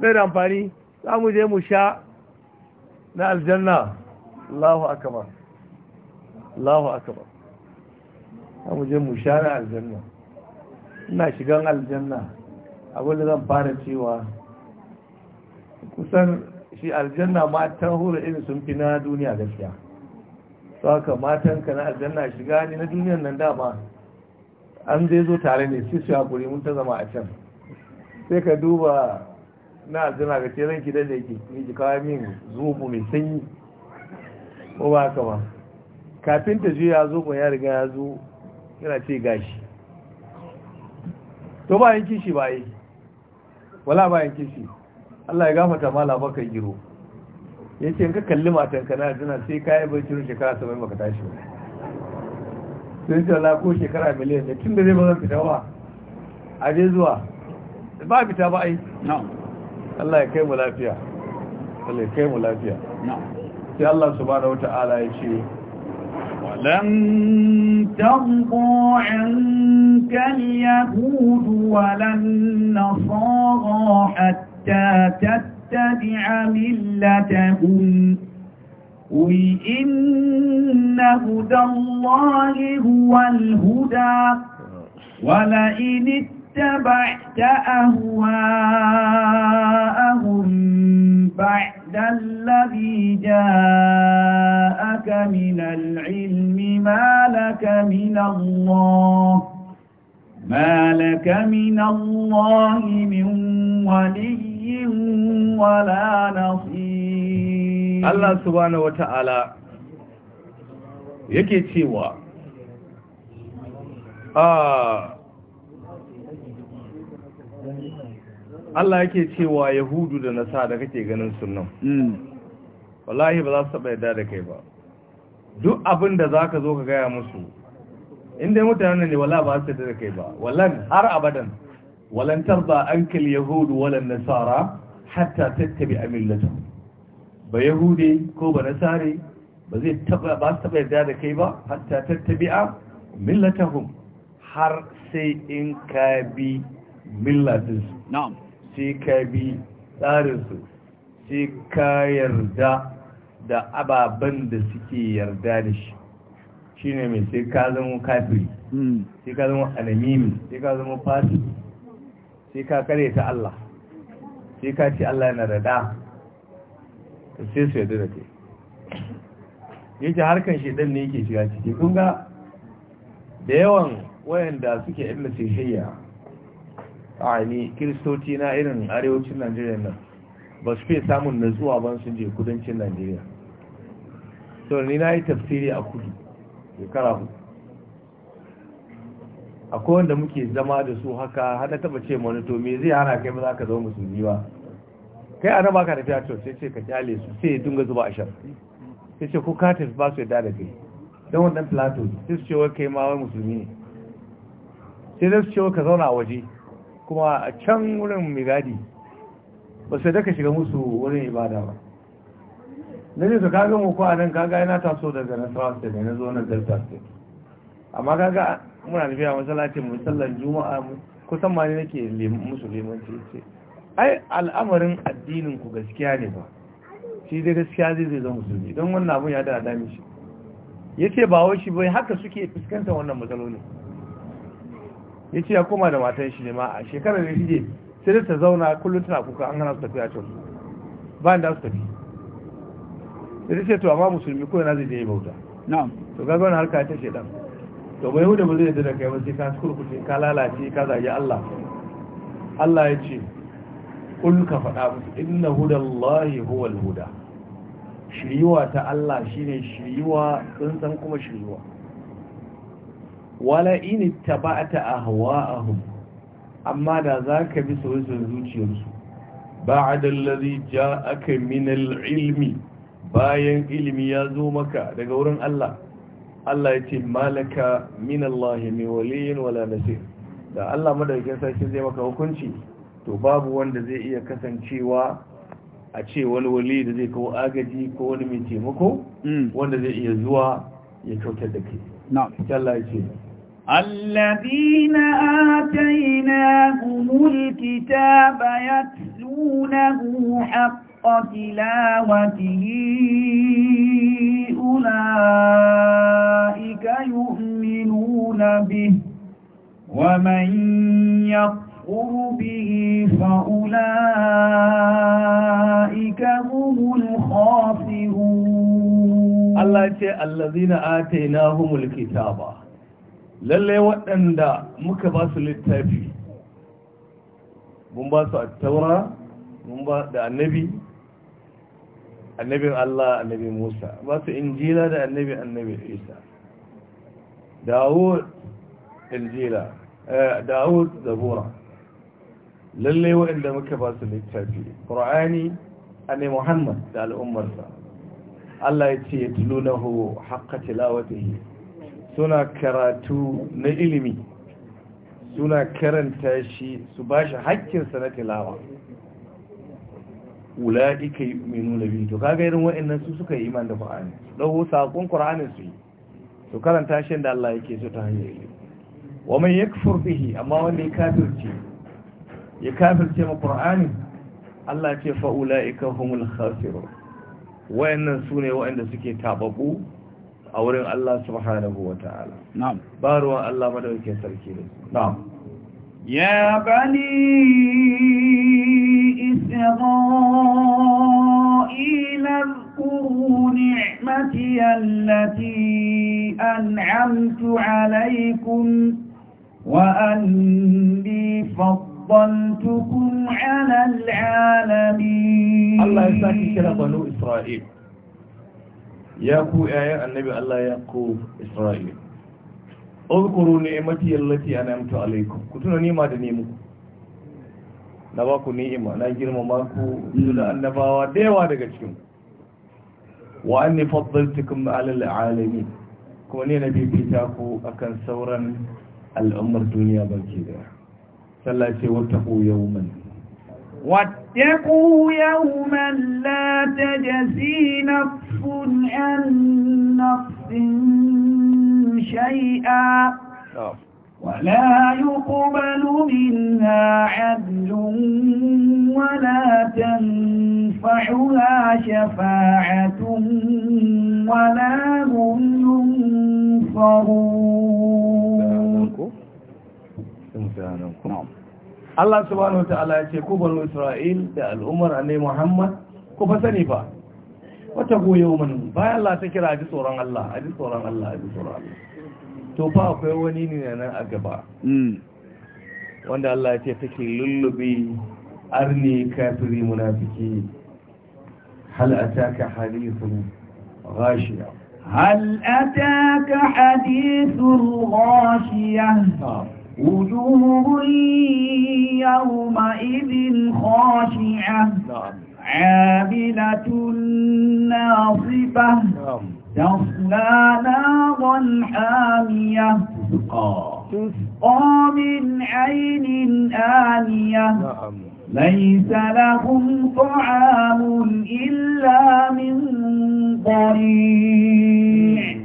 mai da amfani za mu je mu sha na aljanna Allahu akabar Allahu akabar za mu je mu sha na aljanna ina shigan aljanna Abin da zan fara cewa kusan shi aljanna matan hura irin sun fi na duniya gaskiya su haka matan ka na aljanna shiga ne na duniyan nan dama an zai zo tare ne su su haƙuri mun ta zama a can sai ka duba na aljanna ga ce ranki da zai ni ji kawai min zobo mai sanyi ko ba haka ba kafin ta zo zobo ya riga ya zo yana ce gashi to ba yankin shi ba yi wala ba yankin shi Allah ya gafata ma labarkan giro ya ce ka kalli matan kana jina sai ka yi bai ciro shekara saba'in maka tashi ba sun ce ko shekara miliyan da tun da zai bazan fita ba a je zuwa ba fita ba ai Allah ya kai mu lafiya Allah ya kai mu lafiya sai Allah subhanahu ala ya ce ولن ترضى عنك اليهود ولا النصارى حتى حتى تتبع ملتهم قل إن هدى الله هو الهدى ولئن اتبعت أهواءهم بعد الذي جاءك من العلم ما لك من الله ما لك من الله من ولي ولا نصير الله سبحانه وتعالى yake cewa a ah. Allah yake cewa Yahudu da Nasara da kake ganin sunan mm. wallahi ba za su taɓa yadda da kai ba duk abin da za ka zo ka gaya musu in mutanen ne wala ba su da kai ba wallan har abadan walan tarda ankal yahudu walan nasara hatta tattabi amillatuhum ba yahude ko ba nasare ba zai taba ba su taba yarda da kai ba hatta tattabi'a millatahum har sai in ka bi millatinsu na'am sai ka bi tsarinsu sai ka yarda da ababen da suke yarda da shi shine mai sai ka zama kafiri hmm. sai ka zama alamimi sai ka zama fasi sai ka kare ta Allah sai ka ce Allah yana da da ka sai su yadda da ke yake harkar shaidan ne yake shiga ciki kun ga da yawan wayanda suke illa sai shayya a ne kiristoci na irin arewacin najeriya nan ba su fiye samun natsuwa ban sun je kudancin najeriya sau ni na yi tafsiri a kudu shekara hudu akwai wanda muke zama da su haka hada taba ce monito me zai hana kai ba za ka zama musulmi ba kai ana baka tafiya to sai ce ka kyale su sai dunga zuba ashar sai ce ko katis ba su yadda da kai don wannan plato sai su ce wai kai ma wai musulmi ne sai zai su ce ka zauna a waje kuma a can wurin migadi ba sai daga ka shiga musu wurin ibada ba na ce to muku a ko ka ga yana taso daga nasarawa state ne na zo na delta state amma ga muna da biya masallacin mu sallar juma'a kusan ma ne nake musu liman ce ai al'amarin addinin ku gaskiya ne ba shi dai gaskiya zai zai zama musulmi don wannan abun ya da dami shi ya ce ba wai shi bai haka suke fuskantar wannan matsaloli ya ce ya koma da matan shi ne ma a shekarar da shi sai da ta zauna kullum tana kuka an gana su tafiya can ba da su tafi sai ce to amma musulmi ko na zai je bauta na'am to ga wannan harka ta shedan to bai huda ba zai da kai ba sai ka kurkuce ka lalace ka zagi Allah Allah ya ce kul faɗa musu inna hudallahi huwal huda shiriwa ta Allah shi ne shiriwa tsantsan kuma shiriwa wala in tabata ahwa'ahum amma da za ka bi soyayyar zuciyarsu ba'da allazi ja'aka min al-ilmi bayan ilimi ya zo maka daga wurin Allah Allah ya ce malaka min Allah mai waliyin wala nasir da Allah madaukakin sarki zai maka hukunci to babu wanda zai iya kasancewa a ce wani wali da zai kawo agaji ko wani mai taimako hmm. wanda zai iya zuwa ya kautar da kai na'am Allah ya ce الذين آتيناهم الكتاب يتلونه حق حق تلاوته أولئك يؤمنون به ومن يقفر به فأولئك هم الخاسرون الله يقول الذين آتيناهم الكتابة للي وأن دا مكباس للتابي mun ba su a taura annabin Allah annabi Musa ba su injila da annabi annabi Isa Dawud injila eh, Dawud zabura lalle waɗanda muka ba su littafi Qur'ani annabi Muhammad da al'ummarsa Allah ya ce yatlunahu haqqa tilawatihi suna karatu na ilimi suna karanta shi su bashi haƙƙinsa na tilawa ula'ika nuna biyu to kaga irin wa'annan su suka yi iman da Qur'ani dawo saƙon Qur'ani su yi to karanta shi da Allah yake so ta hanyar ilimi wa ya kafur bihi amma wanda ya kafirce ya kafirce ma Qur'ani Allah ce fa ula'ika humul khasirun wa'annan su ne wa'anda suke tababu a wurin Allah subhanahu wa ta'ala na'am ba ruwan Allah madaukakin sarki ne na'am ya bani ابتغائي اذكروا نعمتي التي أنعمت عليكم وأني فضلتكم على العالمين الله يساكي كلا بنو إسرائيل ياكو آية النبي الله ياكو إسرائيل اذكروا نعمتي التي أنعمت عليكم كنتم نعمة نعمكم na ba ku ni'ima na girmama ku da annabawa da yawa daga cikin wa anni faddaltukum ala alamin kuma ne na bibita ku akan sauran al'ummar duniya baki da sallace wata ku yawman واتقوا يوما لا تجزي نفس عن نفس شيئا ولا يقبل منها عدل ولا تنفعها شفاعة ولا هم ينصرون Allah subhanahu wata'ala ya ce ku banu Isra'il da al'ummar a ne Muhammad ku fa sani ba wata goyo mani bayan Allah ta kira ji tsoron Allah a ji tsoron Allah a ji tsoron Allah to fa akwai wani ne nan a gaba wanda Allah ce take lullube arni kafiri munafiki hal ataka hadithun ghashiya هل أتاك حديث الغاشية وجوه يومئذ خاشعة عاملة ناصبة تصلى نار حامية تسقى من عين آنية نعم. ليس لهم طعام إلا من ضريع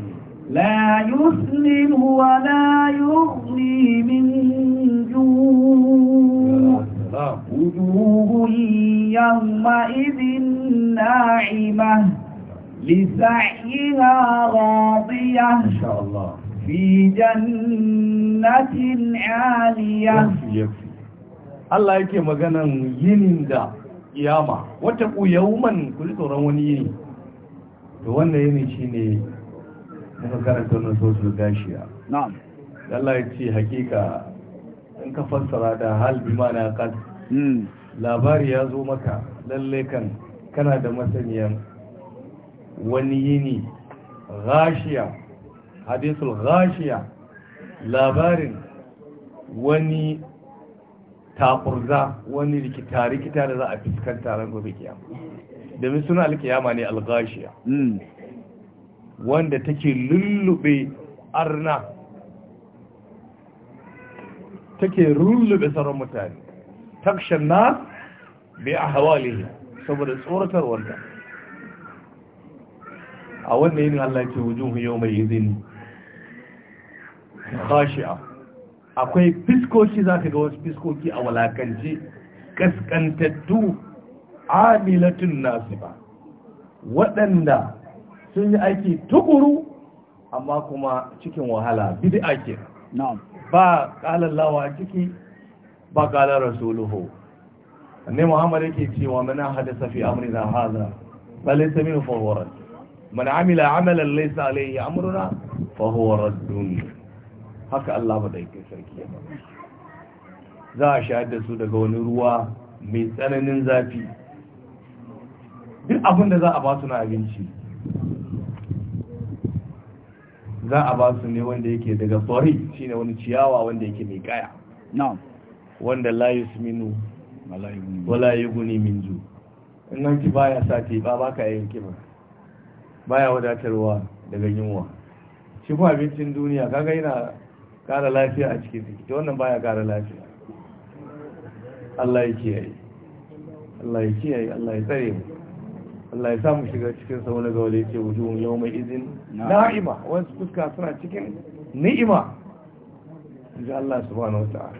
لا يسلم ولا يغني من جوع نعم. وجوه يومئذ ناعمة لسعيها راضية إن شاء الله في جنة عالية Allah yake maganan yinin da iyama. wata ku yawman ku tsoron wani yini to wannan yini shine muka karanta na sosul gashiya na'am Allah yake hakika in ka fassara da hal bi mana labari ya zo maka lallai kan kana da masaniyan wani yini gashiya hadisul gashiya labarin wani takurza wani rikita-rikita da za a fuskanta ran gobe kiyama domin suna alkiyama ne alghashiya mm. wanda take lullube arna take lullube sauran mutane takshan na bai a hawalihi saboda tsoratarwar da a wannan yin Allah ce wujuhu yau mai izini kashiya akwai fiskoki za ka ga wasu fiskoki a walakance kaskantattu amilatun nasiba waɗanda sun yi aiki tukuru amma kuma cikin wahala bidi ake ba lawa ciki ba ƙalar rasuluhu ne Muhammad yake cewa mana hadasa fi amrina hadha balaysa min man amila amalan laysa alayhi amruna fa huwa raddun haka Allah ba dai sarki ya za a shahar da su daga wani ruwa mai tsananin zafi duk abin da za a ba su na abinci za a ba su ne wanda yake daga tsori shine wani ciyawa wanda yake mai kaya wanda la yusminu wala yi guni minju in nan ki baya sa ti ba baka yin kiba baya wadatarwa daga yunwa shi kuma abincin duniya kaga yana kara lafiya a cikin ciki to wannan baya kara lafiya Allah ya kiyaye Allah ya kiyaye Allah ya tsare mu Allah ya samu shiga cikin sa wani gawa da yake wujuhun yau mai izin na'ima wasu fuska suna cikin ni'ima inji Allah subhanahu wa ta'ala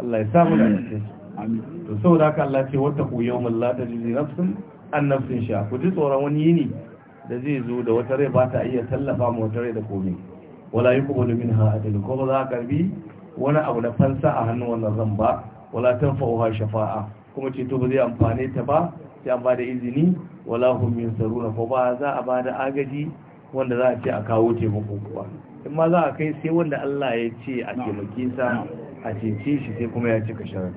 Allah ya samu da cikin Amin. to saboda haka Allah ce wata ku yawmin la tajzi nafsun an nafsin sha ku ji tsoron wani yini da zai zo da wata rai ba ta iya tallafa ma wata rai da komai wala yi kuma domin ha ko ba za a karbi wani abu na fansa a hannun wannan zan ba wala ta fa'uwa shafa'a kuma ce to ba zai amfani ta ba sai an ba da izini wala hum yansaruna ko ba za a ba da agaji wanda za a ce a kawo taimako kuwa in ma za a kai sai wanda Allah ya ce a taimake sa a cece shi sai kuma ya cika sharar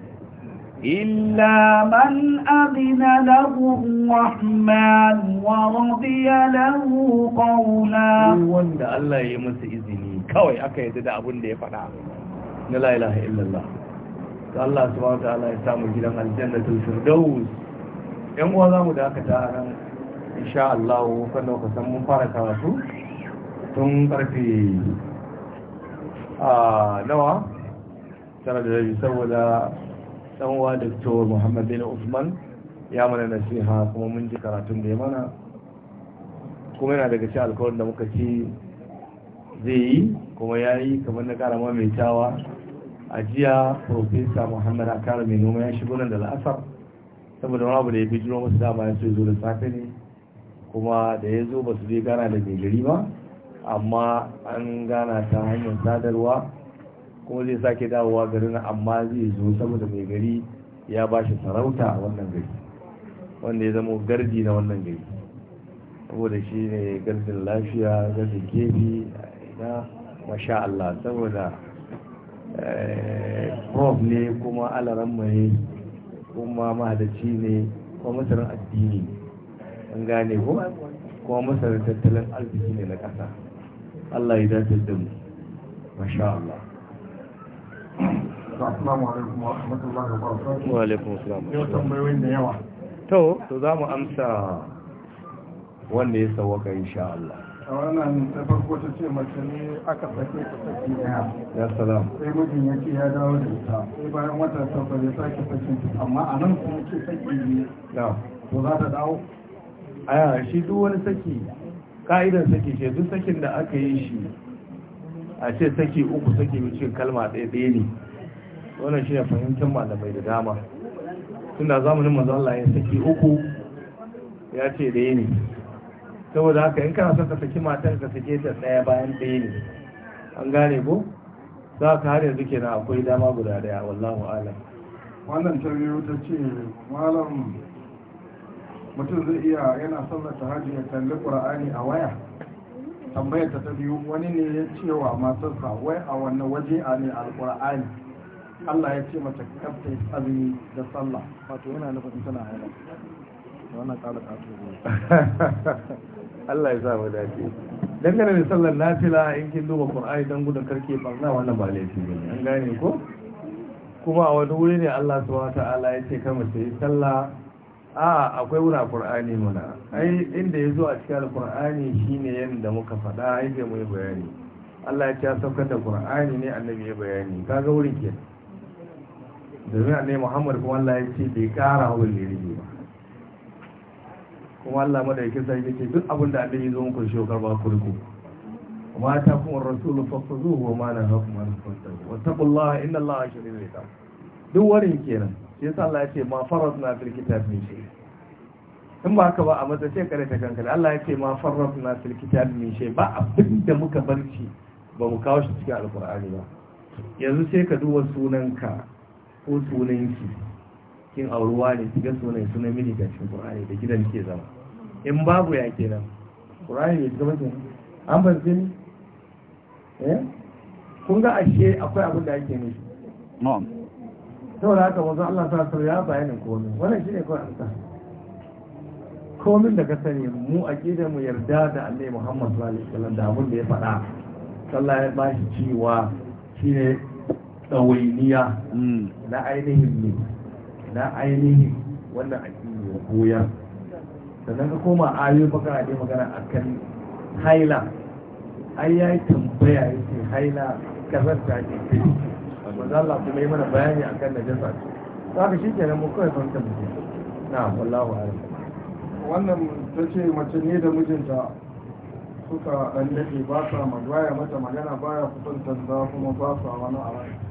إلا من أذن له الرحمن ورضي له قولا وند الله يمس إذني كوي أكا يتدع بند فنع لا إله إلا الله الله سبحانه وتعالى يسامو جلم الجنة الفردوس يوم وظام za دارا إن شاء الله insha قسم kan lokacin mun fara karatu tun karfe a nawa dan uwa Dr. Muhammad bin Usman ya mana nasiha kuma mun ji karatun da ya mana kuma yana daga cikin alkawarin da muka ci zai yi kuma ya yi kamar na kara mai tawa ajiya profesa muhammad akara mai noma ya shigo nan da la'asar saboda wani abu da ya fi jiro masu dama ya zo da safe ne kuma da ya zo ba su zai gana da mai gari ba amma an gana ta hanyar sadarwa kuma zai sake dawowa garin amma zai zo saboda mai gari ya ba shi sarauta a wannan gari wanda ya zama gardi na wannan gari saboda shi ne gardin lafiya gardin kefi na masha Allah saboda eh, prof ne kuma alaran mai kuma mahadaci ne kuma masarar addini an gane ko kuma masarar tattalin arziki ne na ƙasa Allah ya dace da mu masha Allah Assalamu alaikum wa rahmatullahi wa barakatuh. Wa alaikum assalam. tambayoyin da yawa. To, to za mu amsa wanda ya sawaka insha Allah. a wannan ta farko ta ce mace ne aka sake ta saki daya ya salam sai mijin ya ce ya dawo da ita sai bayan wata takwas ya sake sakin ta amma a nan kuma ce saki ne to za ta dawo a shi duk wani saki ka'idar saki ce duk sakin da aka yi shi a ce saki uku saki wuce kalma ɗaya ɗaya ne wannan shi ne fahimtar malamai da dama tunda zamanin manzo Allah ya saki uku ya ce da ne saboda haka in kana son ka saki matar ka sake ta ɗaya bayan ɗaya ne an gane ko za ka har yanzu kenan akwai dama guda daya wallahu alam wannan tarihi ta ce malam mutum zai iya yana son ta tahajjud ya kalli qur'ani a waya tambayar ta ta biyu wani ne ya cewa matarsa wai a wannan waje a ne alqur'ani Allah ya ce mata kafin azumi da sallah wato yana nufin tana haila wannan kala ta to Allah ya sa mu dace gane da sallar nafila in kin duba Qur'ani dan gudun karke barna wannan ba laifi ne an gane ko kuma a wani wuri ne Allah subhanahu ta'ala ya ce kama ta yi sallah a akwai wura Qur'ani muna ai inda yazo a cikin Qur'ani shine yanda muka faɗa yake mu bayani Allah ya ce saukar da Qur'ani ne annabi ya bayani kaga wurin kenan domin a muhammad kuma Allah ya ce bai kara hau da ya ba kuma Allah ya sarki yake duk abin da annabi zo muku shi karba kurku kuma ta kuma rasulu fafazu wa ma na hakum an fasahu wa taqullaha inna Allaha shadidul iqab duk warin kenan ya yasa Allah ya ce ma faradna fil kitab min shay in ba haka ba a matsayin kare ta kankare Allah ya ce ma faradna fil kitab min shay ba abin da muka barci ba mu kawo shi cikin alqur'ani ba yanzu sai ka duba sunanka ko sunan shi kin auruwa ne ki ga sunan sunan miji ga Qur'ani da gidan ke zama in babu ya kenan Qur'ani ne gaba kenan an ban sani eh kun ga ashe akwai abin da ake nufi na'am saboda haka wanzu Allah ta sau ya bayanin komai wannan shine kawai amsa komai da ka sani mu a mu yarda da annabi Muhammad sallallahu alaihi wasallam da abin da ya faɗa sallah ya bashi cewa shine ɗawainiya mm. na ainihin ne na ainihin wannan addini ya goya sannan ka koma ayo baka a magana a kan haila ai ya yi tambaya ya ce haila kazanta ke kai wanda Allah kuma yi mana bayani a kan najasa ce za ka shi kenan mu kawai fanta mu na wallahu ala wannan ta ce mace ne da mijinta suka ɗan ba sa magana mata magana baya kuma ba sa wani a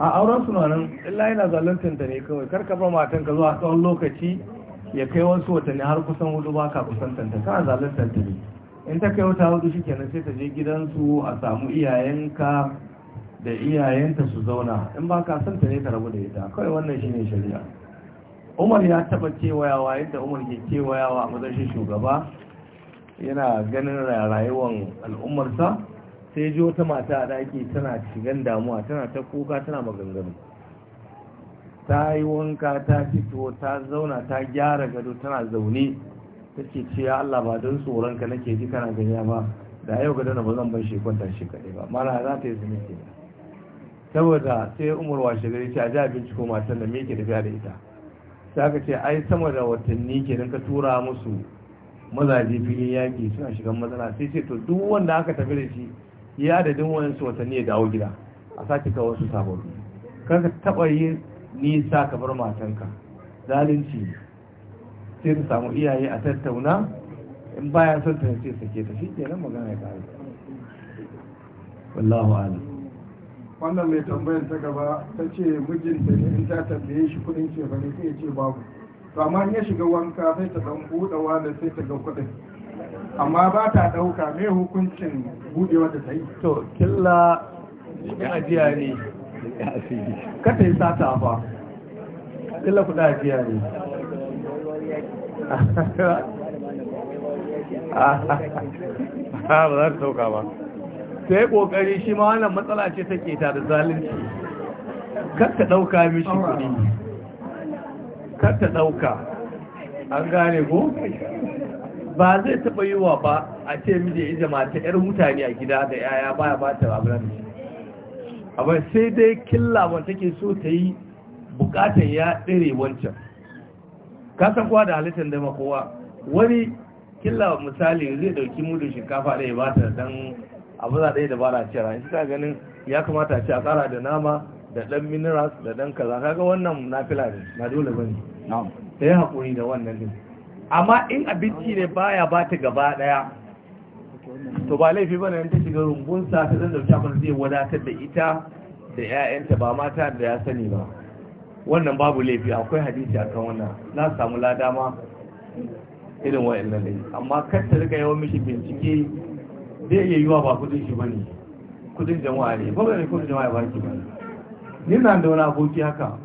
a auren su nan illa yana zaluntar ta ne kawai karka ba matan ka zuwa tsawon lokaci ya kai wasu watanni har kusan hudu ba ka kusantar ta kana zaluntar ta ne in ta kai wata hudu kenan sai ta je gidansu a samu iyayenka da iyayenta su zauna in ba ka son ta ne ka rabu da ita kawai wannan shine shari'a umar ya taba kewayawa yadda umar ke kewayawa a matsayin shugaba yana ganin rayuwar al'ummarsa sai ji wata mata a daki tana shigan damuwa tana ta kuka tana maganganu ta yi wanka ta fito ta zauna ta gyara gado tana zaune ta ce ce ya Allah ba don tsoronka nake ji kana ganya ba da yau gado na ba zan ban shi kwanta shi kaɗai ba mara za ta yi zumi ke saboda sai umar washe gari ce a ji abinci ko matan da me ke da ita ta ka ce ai sama da watanni ke ka tura musu mazaje filin yaƙi suna shigan matsala sai ce to duk wanda aka tafi da shi ya adadin wayansu watanni ya dawo gida a sake kawo wasu sababbi kar ka taɓa yin nisa ka bar matanka zalunci sai ka samu iyaye a tattauna in baya son ta ce sake ta shi kenan magana ya kare wallahu ala wannan mai tambayar ta gaba ta ce mijinta ne in ta tambaye shi kuɗin ce ba ne sai ya ce babu to amma in ya shiga wanka sai ta dan buɗe wani sai ta ga kuɗin amma ba ta ɗauka mai hukuncin buɗe wata ta yi to killa ajiya ne kata yi sata fa killa kuɗa ajiya ne ah, ba za ta ɗauka ba ta yi ƙoƙari shi ma wannan matsala ce ta ta da zalunci ta ɗauka mishi kuɗi ta ɗauka an gane ko ba zai taɓa yi wa ba a ce miji ya ijama ta 'yar mutane a gida da yaya baya ba ta abu nan amma sai dai killa wanda take so ta yi bukatar ya ɗere wancan kasan kowa da halittar da makowa wani killa misali zai ɗauki mudun shinkafa ɗaya ba ta dan abu za ɗaya da ba na cira shi ta ganin ya kamata a ci a ƙara da nama da ɗan minerals da ɗan kaza kaga wannan na fila ne na dole ba ne ta yi haƙuri da wannan ne amma in abinci ne baya ba ta gaba daya to ba laifi ba na ta shiga rumbunsa ta zan dauki abin zai wadatar da ita da 'ya'yanta ba mata da ya sani ba wannan babu laifi akwai hadisi akan wannan na samu lada ma irin wa'annan dai amma kar ta riga yawan mishi bincike zai iya yiwa ba kudin shi bane kudin jama'a ne ba ne kudin jama'a ba ki bane ni na da wani aboki haka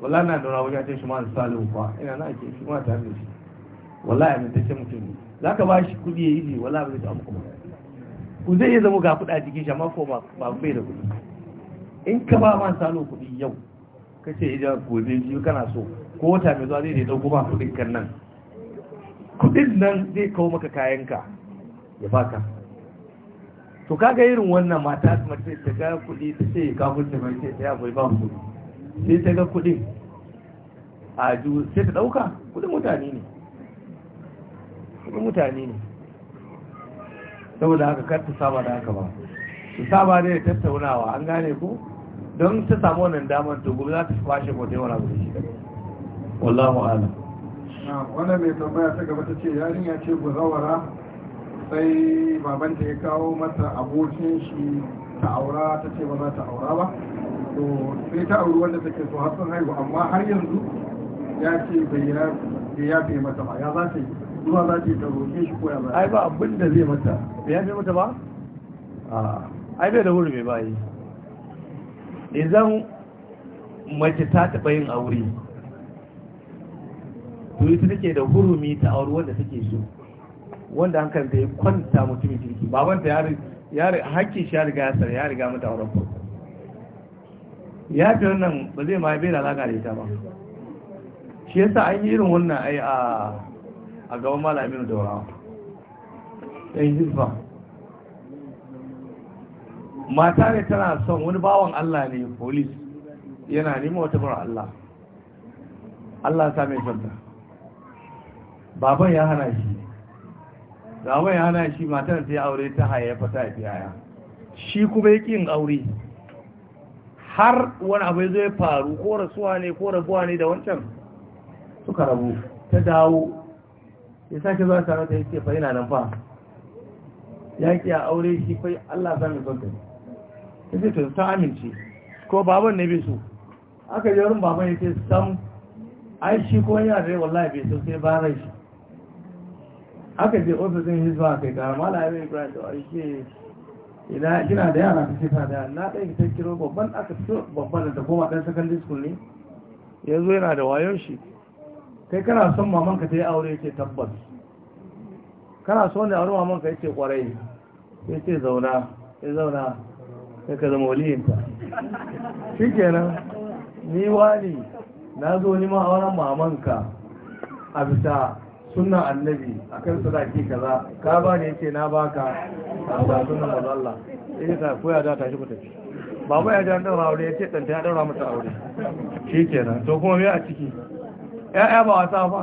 wallahi na da wani aboki a ce shi ma salihu ba ina na ake shi ma tare da shi wallahi amintaccen mutum ne za ka ba shi kudi ya yi ne wallahi ba zai samu kuma ku zai iya zama ga kuɗa jikin shi amma ko ba bai da kudi in ka ba man salo kudi yau ka ce idan gobe biyu kana so ko wata mai zuwa zai da dauko ba kudin kan nan kudin nan zai kawo maka kayanka ya baka to kaga irin wannan mata mace ta ga kudi ta ce ka kudin mai ce ya bai ba kudi sai ta ga kudin a ju sai ta dauka kudin mutane ne kuma mutane ne saboda haka kar ta saba da haka ba su saba ne da tattaunawa an gane ku don ta samu wannan damar to gobe za ta kwashe ko dai wani da shi wallahu ala wani mai tambaya ta gaba ta ce yarinya ce guzawara sai babanta ya kawo mata abokin shi ta aura ta ce ba za ta aura ba to sai ta auri wanda take so har sun haihu amma har yanzu ya ce bai yafe mata ba ya za ta yi zuwa za ta roƙe shi koya ba ai ba abin da zai mata bai fi mata ba ai bai da wuri mai bayi idan mace ta taɓa yin aure to ita take da hurumi ta aure wanda take so wanda hankalta ya kwanta mutumin kirki babanta ya yare hakkin shi ya riga ya sare ya riga mata auren farko ya fi wannan ba zai ma bai da alaƙa da ita ba shi yasa an yi irin wannan ai a a gaban malamin daurawa ɗan hizba mata ne tana son wani bawan Allah ne polis yana nima wata mara Allah Allah ta mai santa baban ya hana shi baban ya hana shi matar ta yi aure ta hayayyafa ta haifi yaya shi kuma ya ƙin aure har wani abu ya zo ya faru ko rasuwa ne ko rabuwa ne da wancan suka rabu ta dawo ya sake zuwa tare ya ce fa yana nan fa ya ki a aure shi fa Allah san mai sonta ya ce to ta amince ko baban ne bai so aka je wurin baban ce sam ai shi ko yana da wallahi bai so sai ba rai shi aka je ofisin hizba kai da yi Ibrahim to ai shi ina gina da yara ta ta da na ɗaya ta kiro babban aka fito babban da ta koma ɗan secondary school ne yanzu yana da wayon shi kai kana son mamanka ta yi aure ce tabbas kana son ne aure mamanka yake kwarai ya ce zauna ya zauna ya ka zama waliyinta shi kenan ni wani na zo ni ma auren mamanka a bisa sunan annabi a kan ke kaza ka ba ne ce na baka a bisa sunan mazalla ya ta koya da tashi kuta tafi babu ya an ɗaura aure ya ce ɗanta ya ɗaura mata aure shi kenan to kuma me a ciki ya'ya ba wasa ba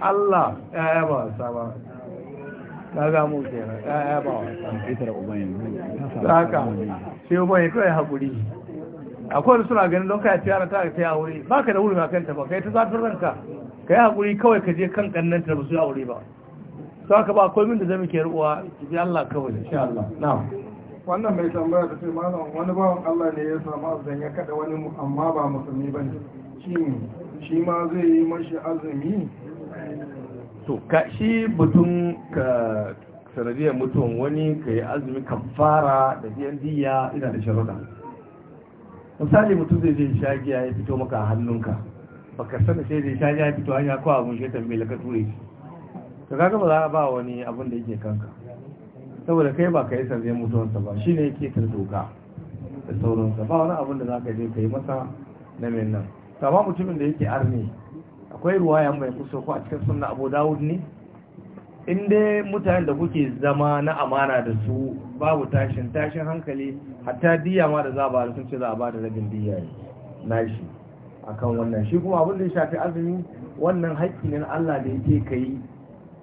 Allah ya'ya ba wasa ba ta ga mu ya'ya ba wasa haka sai uban ya kai hakuri akwai da suna ganin don kai tiyara ta ta ya Ba ka da wurin kanta ba yi ta zafin ranka yi hakuri kawai ka je kan kannan ta ba su yi ba su haka ba komai da zama ke ruwa bi Allah kawai insha Allah na wannan mai tambaya ta sai malam wani bawan Allah ne ya samu azan ya kada wani amma ba musulmi ne shi shi ma zai yi mashi azumi to ka shi mutum ka sanadiyar mutum wani ka yi azumi kan fara da biyan diya ina da sharuɗa misali mutum zai je shagiya ya fito maka a hannunka baka sanar sai zai shagiya ya fito hanya kowa abin shaitan mai laka ture shi to kaga ba za a ba wani abin da yake kanka saboda kai ba ka yi sanadiyar mutuwarsa ba shine yake kan doka da sauransa ba wani abin da za ka je ka yi masa na nan sama mutumin da yake arni akwai ya mai kusa ko a cikin suna abu dawud ne inda mutane da kuke zama na amana da su babu tashin tashin hankali hatta diya ma da za a bada sun ce za a ba da rabin diya ne na shi a kan wannan shi kuma abin da ya shafi azumi wannan haƙƙi ne Allah da yake kai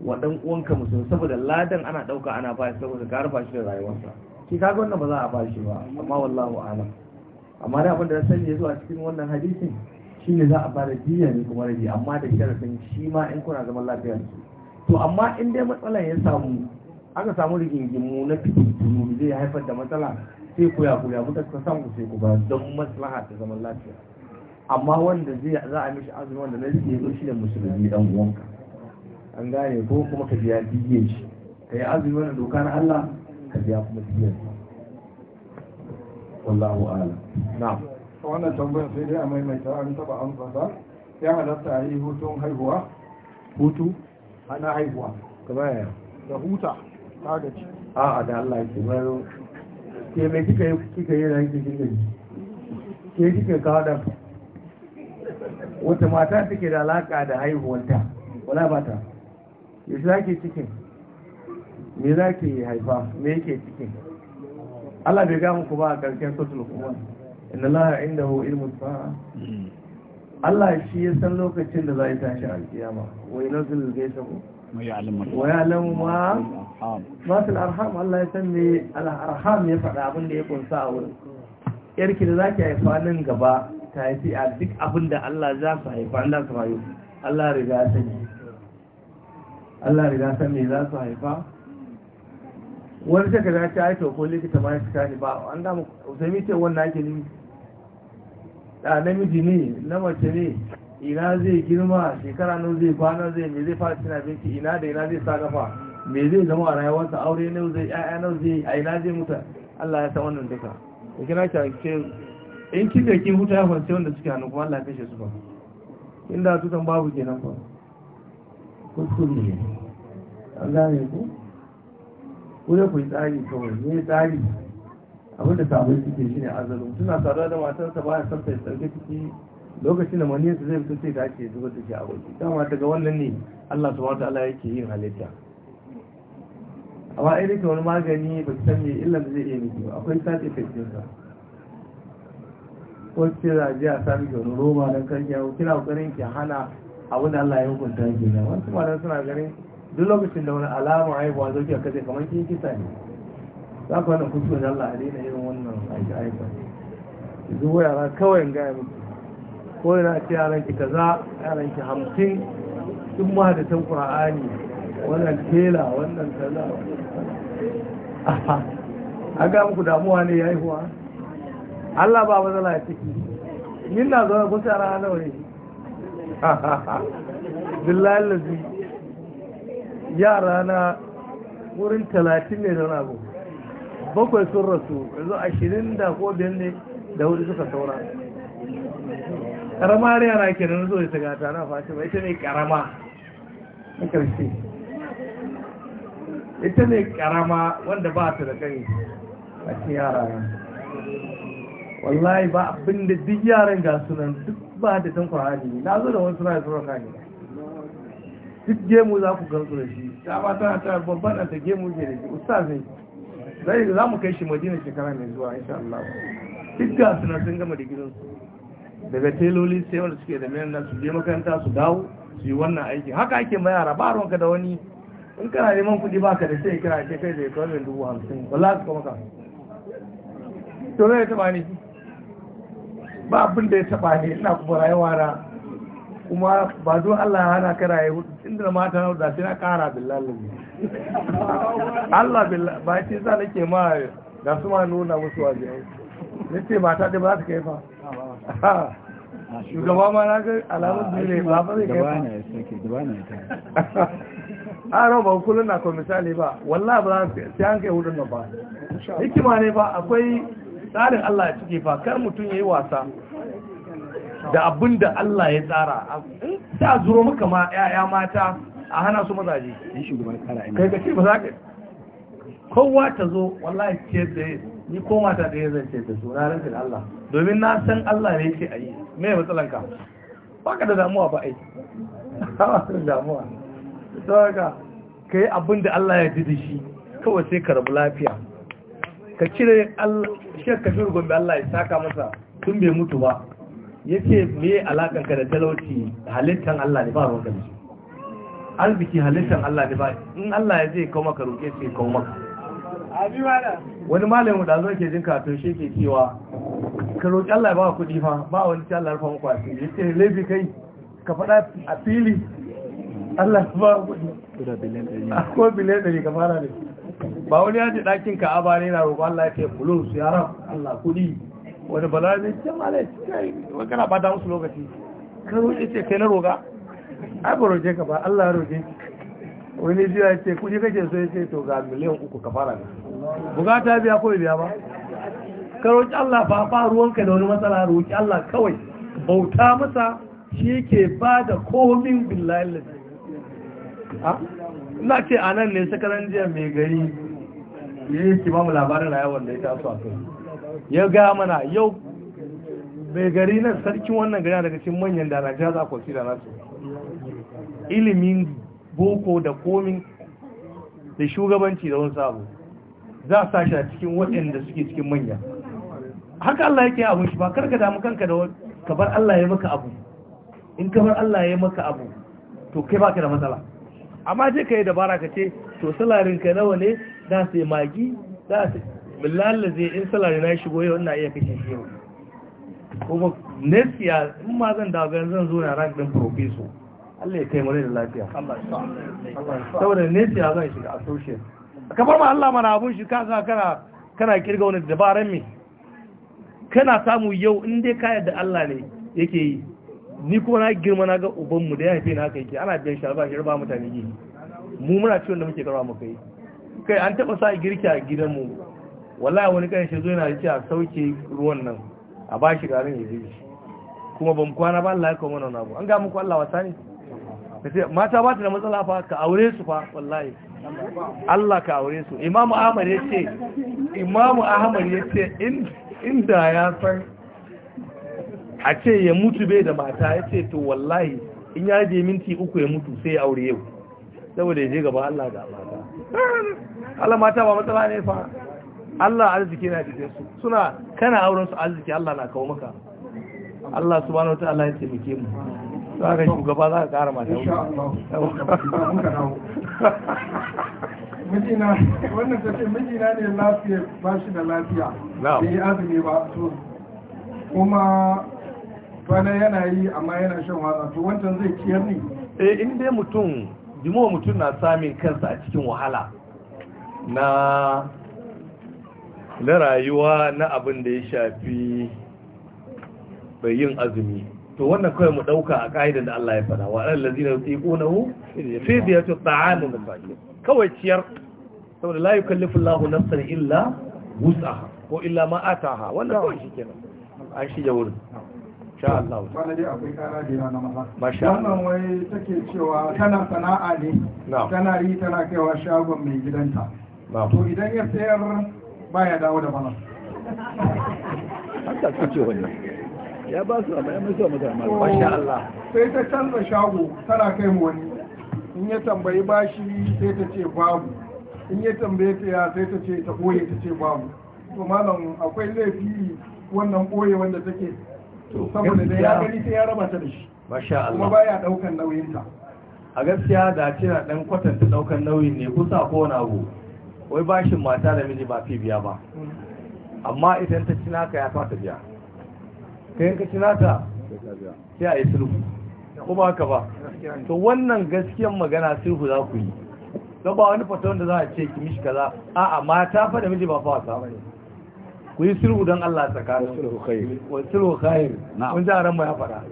wa dan uwanka musulun saboda ladan ana ɗauka ana ba shi saboda ka rufa shi da rayuwarsa shi ga wannan ba za a ba shi ba amma wallahu a'lam amma da abin da ya sanya zuwa cikin wannan hadisin shi ne za a bada jiya ne kuma rabi amma da sharafin shi ma in kuna zaman lafiya to amma in dai matsala ya samu aka samu rigingimu na fitintunu zai haifar da matsala sai ku ya ku ya san ku samu sai ku ba don maslaha ta zaman lafiya amma wanda zai za a mishi azumi wanda na zai zo shi da musulmi dan uwanka an gane ko kuma ka biya diyyar shi ka yi azumi wanda doka na Allah ka biya kuma shi wallahu a'lam na'am a wannan tambayar sai dai a maimaita an taba amsa ya halatta a yi hutun haihuwa hutu ana haihuwa kamar yaya da huta ta a a'a da Allah ke bayar ke mai kika yi kika yi da yake jirgin ke kika kada da wata mata take da alaka da haihuwanta wala ba ta yaushe zaki cikin me zaki haifa me yake cikin Allah bai ga muku ba a ƙarshen sotul kuma inna la indahu ilmu sa'a Allah shi ya san lokacin da za a yi tashi na wa yunzil gaisa mu wa ya'lamu ma ma fil arham Allah ya san me al arham ya faɗa abin da ya kunsa a wurin yarki da zaki haifa nan gaba ta fi a duk abin da Allah za su haifa an da su rayu Allah riga sani Allah riga san me za su haifa wani saka za ta yi ko likita ma ya fita ni ba an damu zami ce wannan ake ni da namiji ne na mace ne ina zai girma shekara nan zai kwana zai me zai fara cin abinci ina da ina zai sarrafa kafa me zai zama a rayuwarsa aure ne zai ƴaƴa nan zai a ina zai mutu Allah ya san wannan duka da kina ta ce in kin da kin huta ya fance wanda suke hannu kuma Allah ya kashe su ba inda su san babu kenan ba kuskure ne an gane ku ku ku yi tsari kawai ne tsari abinda sabai suke shi ne azalin suna tsara da matarsa ba ya sarta ya sarki ciki lokacin da maniyarsa zai fito sai dace ya zuba da a waje dama daga wannan ne Allah wata ala yake yin halitta amma irin wani magani ba ki san me illa da zai iya miki ba akwai side effect ko ce za je a sami wani roba don kan yawo kira kokarin ki hana abin da Allah ya hukunta ke na wasu malan suna ganin duk lokacin da wani alama a zo a kace kamar kin kisa ne za ku wannan kuskure da Allah a daina irin wannan aiki aiki yanzu yara kawai in gaya muku ko yana ce yaran ki kaza yaran ki hamsin duk ma da san qur'ani wannan tela wannan kaza a [laughs] ga muku damuwa ne yayi huwa Allah ba matsala ya ciki yin na zo kusa yara nawa ne [laughs] billahi lazi yara na wurin talatin ne da wani abu bakwai sun rasu yanzu ashirin da ko biyar ne da hudu suka saura karamar yara ke nan zuwa da gata na ba ita ne karama na karshe ita ne karama wanda ba ta da kai a cikin yara na wallahi ba abinda duk yaran ga sunan duk ba da tankwa kurani na zo da wani wasu na zuwa kani duk gemu za ku gansu da shi ta ba tana ta babban ɗan ta gemu ke da shi ustaz ne zai za mu kai shi madina shekara mai zuwa insha Allah duk ga suna sun gama da gidan su. daga teloli sai wanda suke da mayar su je makaranta su dawo su yi wannan aiki haka ake ma yara ba ronka da wani in kana neman kuɗi baka da sai kira ce kai da ya kawai dubu hamsin wallahi su kama ka to zai taɓa ne ba abin da ya taɓa ne ina kuma rayuwa na kuma ba zo Allah ya hana kara ya hudu inda na mata na da shi na kara billahi Allah billahi ba ce za nake ma ga su ma nuna musu waje ne ce mata da ba su kai fa shugaba ma na ga alamun dole ba ba zai kai fa a ran ba kullun na ko misali ba wallahi ba sai an kai hudun nan ba hikima ne ba akwai tsarin Allah ya cike fa kar mutum yayi wasa da abin da Allah ya tsara ta zuro maka ma ya mata a hana su mazaje kai ka ce ba za ka kowa ta zo wallahi ce tsaye ni ko mata da ya zance ta su ranar da Allah domin na san Allah ne yake ayi me matsalan ka baka da damuwa ba ai [laughs] ba da damuwa saboda kai abin da Allah ya didi shi kawai sai ka rabu lafiya ka cire Allah shi ka jurgun da Allah ya saka masa tun bai mutu ba ya ce me alaƙar ka da talauci halittar Allah ne ba ruwan ka da shi arziki halittar Allah ne ba in Allah ya zai kawo maka roƙe sai kawo maka wani malamin da zo ke jin katon shi ke cewa ka roƙi Allah ba kuɗi fa ba wani ci Allah rufa muku asiri ya ce laifi kai ka faɗa a fili Allah ba kuɗi ko biliyan ɗari ka fara ne ba wani ya ji ɗakin ka a ba ne na roƙo Allah ya ce kulo su yaran Allah kuɗi wani bala ne ce ne kai wani kana ba da musu lokaci kan roƙe ce kai na roga ai ba roƙe ka ba Allah ya roƙe wani jiya ce kuɗi kake so ya ce to ga miliyan uku ka fara bukata biya ko biya ba ka roƙi Allah ba ba ruwanka da wani matsala roƙi Allah kawai bauta masa shi ke ba da komin billahi lafi na ce a nan ne sakaran jiya mai gari yi ki labarin na da ya taso a kai ya ga mana yau bai gari nan sarkin wannan gari daga cikin manyan da Najeriya za a da nasu ilimin boko da komin da shugabanci da wani sabu za a sashi a cikin waɗanda suke cikin manya haka Allah yake abu shi ba karka damu kanka da ka bar Allah ya maka abu in ka bar Allah ya maka abu to kai baka da matsala amma je ka yi dabara ka ce to salarin ka nawa ne za su yi magi za su billahi zai in salari na shigo yau ina iya kashe shi yau kuma next year in ma zan dawo ganin zan zo na rank din professor Allah ya kai mu da lafiya saboda next year zan shiga associate ka bar ma Allah mana abun shi ka sa kana kana kirga wani dabaran me kana samu yau in dai ka yadda Allah ne yake yi ni kuma na girma na ga mu da ya haife ni haka yake ana biyan shi albashi ba mutane gini mu muna ciwon da muke karwa mu kai kai an taba sa girki a gidan mu. wallahi wani kan shi zo yana ce a sauke ruwan nan a ba shi garin ya bi shi kuma ban kwana ba Allah ya kawo mana abu an ga muku Allah wasa ne mata ba ta da matsala fa ka aure su fa wallahi Allah ka aure su Imam Ahmad ya ce Imam Ahmad ya ce inda ya san a ce ya mutu bai da mata ya ce to wallahi in ya je minti uku ya mutu sai ya aure yau saboda ya je gaba Allah ga mata ah, Allah mata ba matsala ne fa Allah arziki na cikin su suna kana auren su arziki Allah na kawo maka Allah subhanahu wa ta'ala ya taimake mu za ka shugaba za ka kara mata mijina wannan tafi mijina ne lafiya ba shi da lafiya da yi azumi ba to kuma bana yana yi amma yana shan wata to wancan zai ciyar ni eh in dai mutum jimowa mutum na samin kansa a cikin wahala na na rayuwa na abin da ya shafi bai yin azumi to wannan kawai mu dauka a ka'idar da Allah ya fada wa alal ladina yuqunahu fidyatu ta'amun masakin kawai ciyar saboda la yukallifu Allahu nafsan illa wus'aha ko illa ma ataha wannan kawai shikenan an shige wurin insha Allah wani dai akwai kara da yana maza masha wannan wai take cewa tana sana'a ne tana yi tana kaiwa shagon mai gidanta to idan ya sayar baya dawo da malam haka kuce wannan ya ba su amma ya mai zuwa mutane malam masha Allah sai ta canza shago tana kai mu wani in ya tambayi bashi sai ta ce babu in ya tambaye ta ya sai ta ce ta boye ta ce babu to malam akwai laifi wannan boye wanda take saboda da ya gani sai ya raba ta da shi masha Allah kuma baya daukan nauyin ta a gaskiya da cewa dan kwatanta daukan nauyin ne kusa ko na abu wai bashin mata da miji ba fi biya ba amma idan ta ci naka ya fata biya ka ci nata sai a yi sulhu ko ba haka ba to wannan gaskiyan magana sulhu za ku yi don ba wani fata wanda za a ce ki mishi kaza a'a mata fa da miji ba fa wasa ku yi sulhu don Allah tsakanin sulhu khair wa sulhu khair kun ji ran ya fara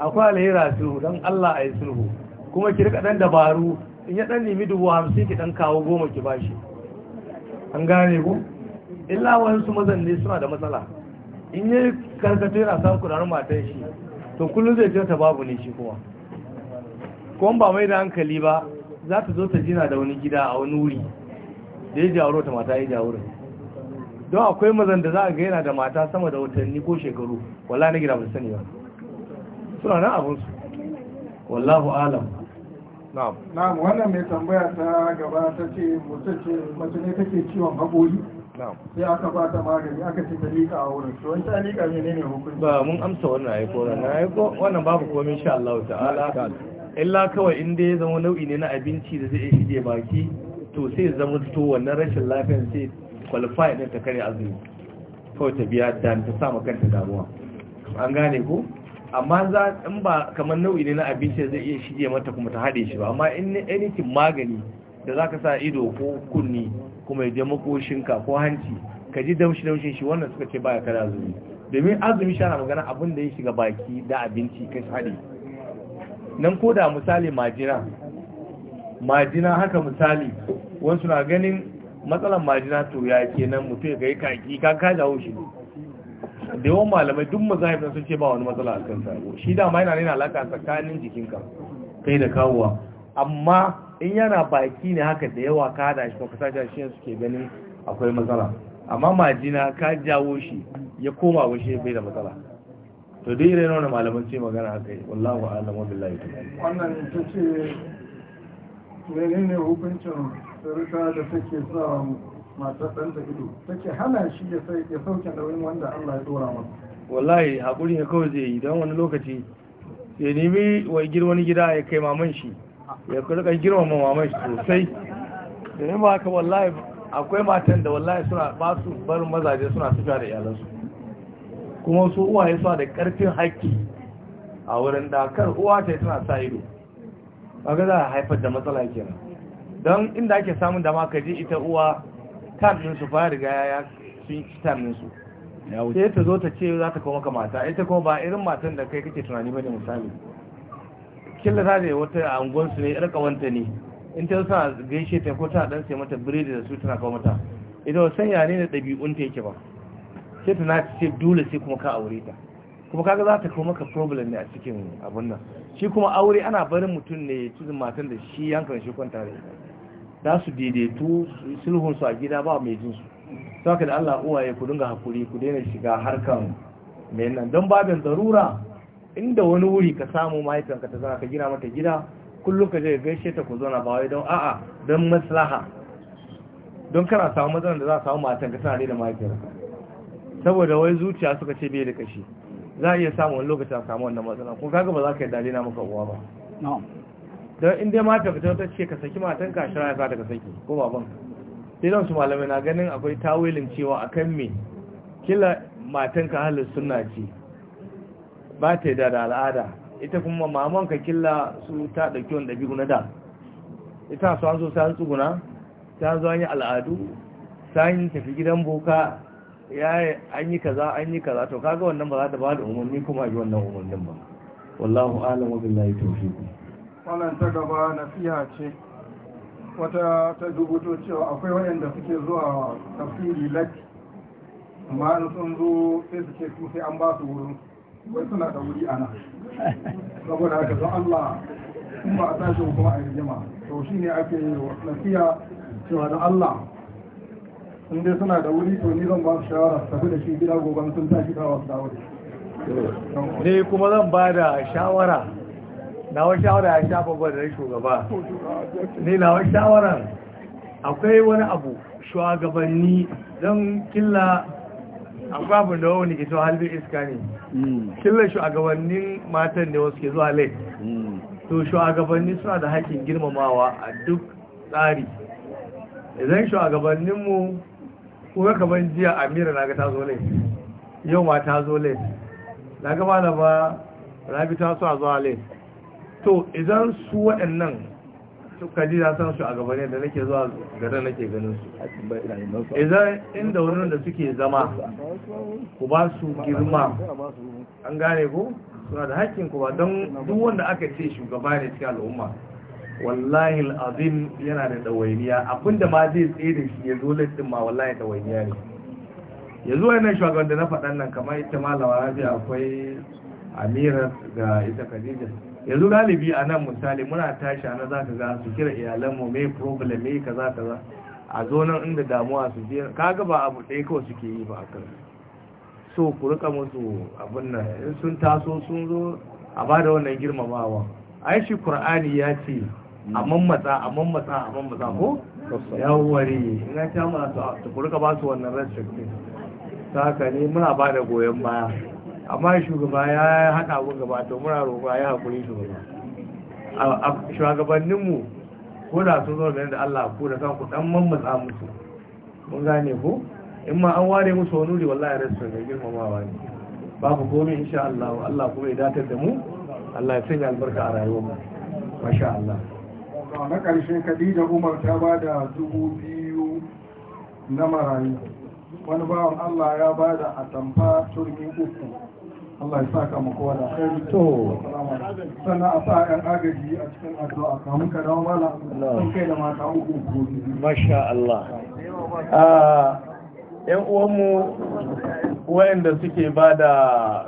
akwai alheri sulhu don Allah a yi sulhu kuma ki rika dan dabaru in ya dan nemi dubu hamsin ki dan kawo goma ki bashi an gane ku illa wasu mazan ne suna da matsala in yi karkato yana samun kudanar matan shi to kullum zai ce ta babu ne shi kuma kuma ba mai da hankali ba za ta zo ta jina da wani gida a wani wuri da ya jawo ta mata ya jawaro don akwai mazan da za a gaina da mata sama da watanni ko shekaru wala na gida ba sani ba suna nan abinsu wallahu alam na'am wannan mai tambaya ta gaba ta ce mutum ce mace ne take ciwon haƙori sai aka ba ta magani aka ce ta liƙa a wurin to ta liƙa ne ne hukunci ba mun amsa wannan aiko na aiko wannan babu komai insha Allah ta'ala illa kawai in dai ya zama nau'i ne na abinci da zai shige baki to sai zama to wannan rashin lafiyar sai qualify din ta kare azumi kawai ta biya dan ta sa kanta damuwa an gane ko amma za in ba kamar nau'i ne na abinci zai iya shige mata kuma ta haɗe shi ba amma in anything magani da za ka sa ido ko kunni kuma ya je makoshinka ko hanci ka ji daushi-daushin shi wannan suka ce baya kada azumi domin azumi shi ana magana abin da ya shiga baki da abinci ka haɗe nan ko da misali majina majina haka misali wasu na ganin matsalan majina to ya ke nan mutum ya kai kaki ka kaja haushi ne da yawan malamai duk mazahib sun ce ba wani matsala a kan sabo shi dama yana nuna alaka tsakanin jikinka kai da kawowa amma in yana baki ne haka da yawa ka hada shi ka sashi shi suke ganin akwai matsala amma majina ka jawo shi ya koma shi bai da matsala to duk irin wannan malaman ce magana yi. wallahu a'lam wa billahi ta'ala wannan ne menene hukuncin sarka da take sa matar ɗanta ido take hana shi ya sauke nauyin wanda Allah ya dora masa wallahi haƙuri ne kawai zai yi don wani lokaci ya nemi wai wani gida ya kai maman shi ya rika girmama maman shi sosai da ne ba haka wallahi akwai matan da wallahi suna ba su barin mazaje suna tafiya da iyalansu kuma su uwaye suna da ƙarfin haƙƙi a wurin dakar uwa ta yi tana sa ido kaga za a haifar da matsala kenan don inda ake samun dama ka je ita uwa tam su fara riga ya sun ci tam su sai ta zo ta ce za ta kuma ka mata ita kuma ba irin matan da kai kake tunani bane misali killa ta ne wata angon su ne yar kawanta ne in ta sa gaishe ta ko ta dan sai mata biredi da su tana kawo mata ita ba sanya ne da dabi'un ta yake ba sai ta na ce dole sai kuma ka aure ta kuma kaga za ta kawo maka problem ne a cikin abun nan shi kuma aure ana barin mutum ne ya ci matan da shi yankan shi kwanta da ita za su daidaitu sulhunsu a gida ba mai jinsu sau da Allah uwaye ku dinga hakuri ku daina shiga harkan mai nan don babin zarura inda wani wuri ka samu mahaifinka ta zana ka gina mata gida kullum ka je gaishe ta ku zo ba wai don a'a don maslaha don kana samu matsalar da za a samu matan ka tana da mahaifiyarka saboda wai zuciya suka ce bai da kashi za a iya samun lokacin samu wannan matsala kuma kaga ba za ka yi dalila maka uwa ba don in dai mata fita ta ce ka saki matan ka shirya ka saki ko baban sai don su malamai na ganin akwai tawilin cewa akan me kila matan ka halin suna ce ba ta da al'ada ita kuma maman ka killa su ta ɗauki wanda bi guna da ita su an zo sai tsuguna ta zo an yi al'adu yi tafi gidan boka yi an yi kaza an yi kaza to kaga wannan ba za ta ba da umarni kuma a yi wannan umarnin ba wallahu a'lam wa billahi tawfiq wannan ta gaba nasiha ce wata ta dubuto cewa akwai waɗanda suke zuwa tafsiri lati amma an sun zo sai su ce sai an ba su wurin wai suna da wuri ana saboda haka don Allah in ba a tashi kuma a jima. to shine ake nasiha cewa da Allah in dai suna da wuri to ni zan ba su shawara tafi da shi gida gobe sun tashi kawo su dawo ne kuma zan ba da shawara nawa shawara ya shafa gwanar shugaba ne nawa shawara akwai wani abu shugabanni don killa akwai abin da wani ito halin iska ne hmm. killa shugabannin matan da wasu ke zuwa lai hmm. to shugabanni suna da haƙƙin girmamawa a duk tsari idan shugabanninmu kuma kamar jiya amira na ga ta zo lai yau ma ta zo lai na gaba da ba rabi ta so a zuwa lai to idan su waɗannan suka ji na san su a gabane da nake zuwa gada nake ganin su idan inda wurin da suke zama ku ba su girma an gane ku suna da hakkin ku ba don duk wanda aka ce shugaba ne cikin al'umma wallahi al'azim yana da ɗawainiya abinda ma zai tsaye da shi ya zo lattin ma wallahi dawainiya ne ya zo yana shugaban da na faɗan nan kamar ita malama Rabi'a, akwai amirar ga ita khadija yanzu galibi a nan misali muna tashi ana za ka ga su kira iyalanmu mai problem mai kaza kaza a zonan inda damuwa su je kaga ba abu ɗaya kawai suke yi ba a kan so ku rika musu abin nan sun taso sun zo a ba da wannan girmamawa ai shi qur'ani ya ce a mammatsa a mammatsa a mammatsa ko yawware ina ta mana ku rika ba su wannan rashin ta ka ne muna ba da goyon baya amma shugaba ya haɗa abin gaba to muna roƙa ya haƙuri shugaba a shugabanninmu ko da sun zo da Allah ko da kanku dan matsa musu mun gane ko in ma an ware musu wani wuri wallahi rasu da girmamawa ne babu komai insha Allah Allah kuma ya datar da mu Allah ya sanya albarka a rayuwarmu masha Allah na ƙarshe Khadija Umar ta ba da dubu biyu na marayu wani bawan Allah ya ba da atamfa turmi uku Allah ya saka mu kowa da kai to sannan a sa yan agaji a cikin addu'a ka muka dawo mala sun kai da mata uku masha Allah a ah, yan uwanmu wayanda suke ba da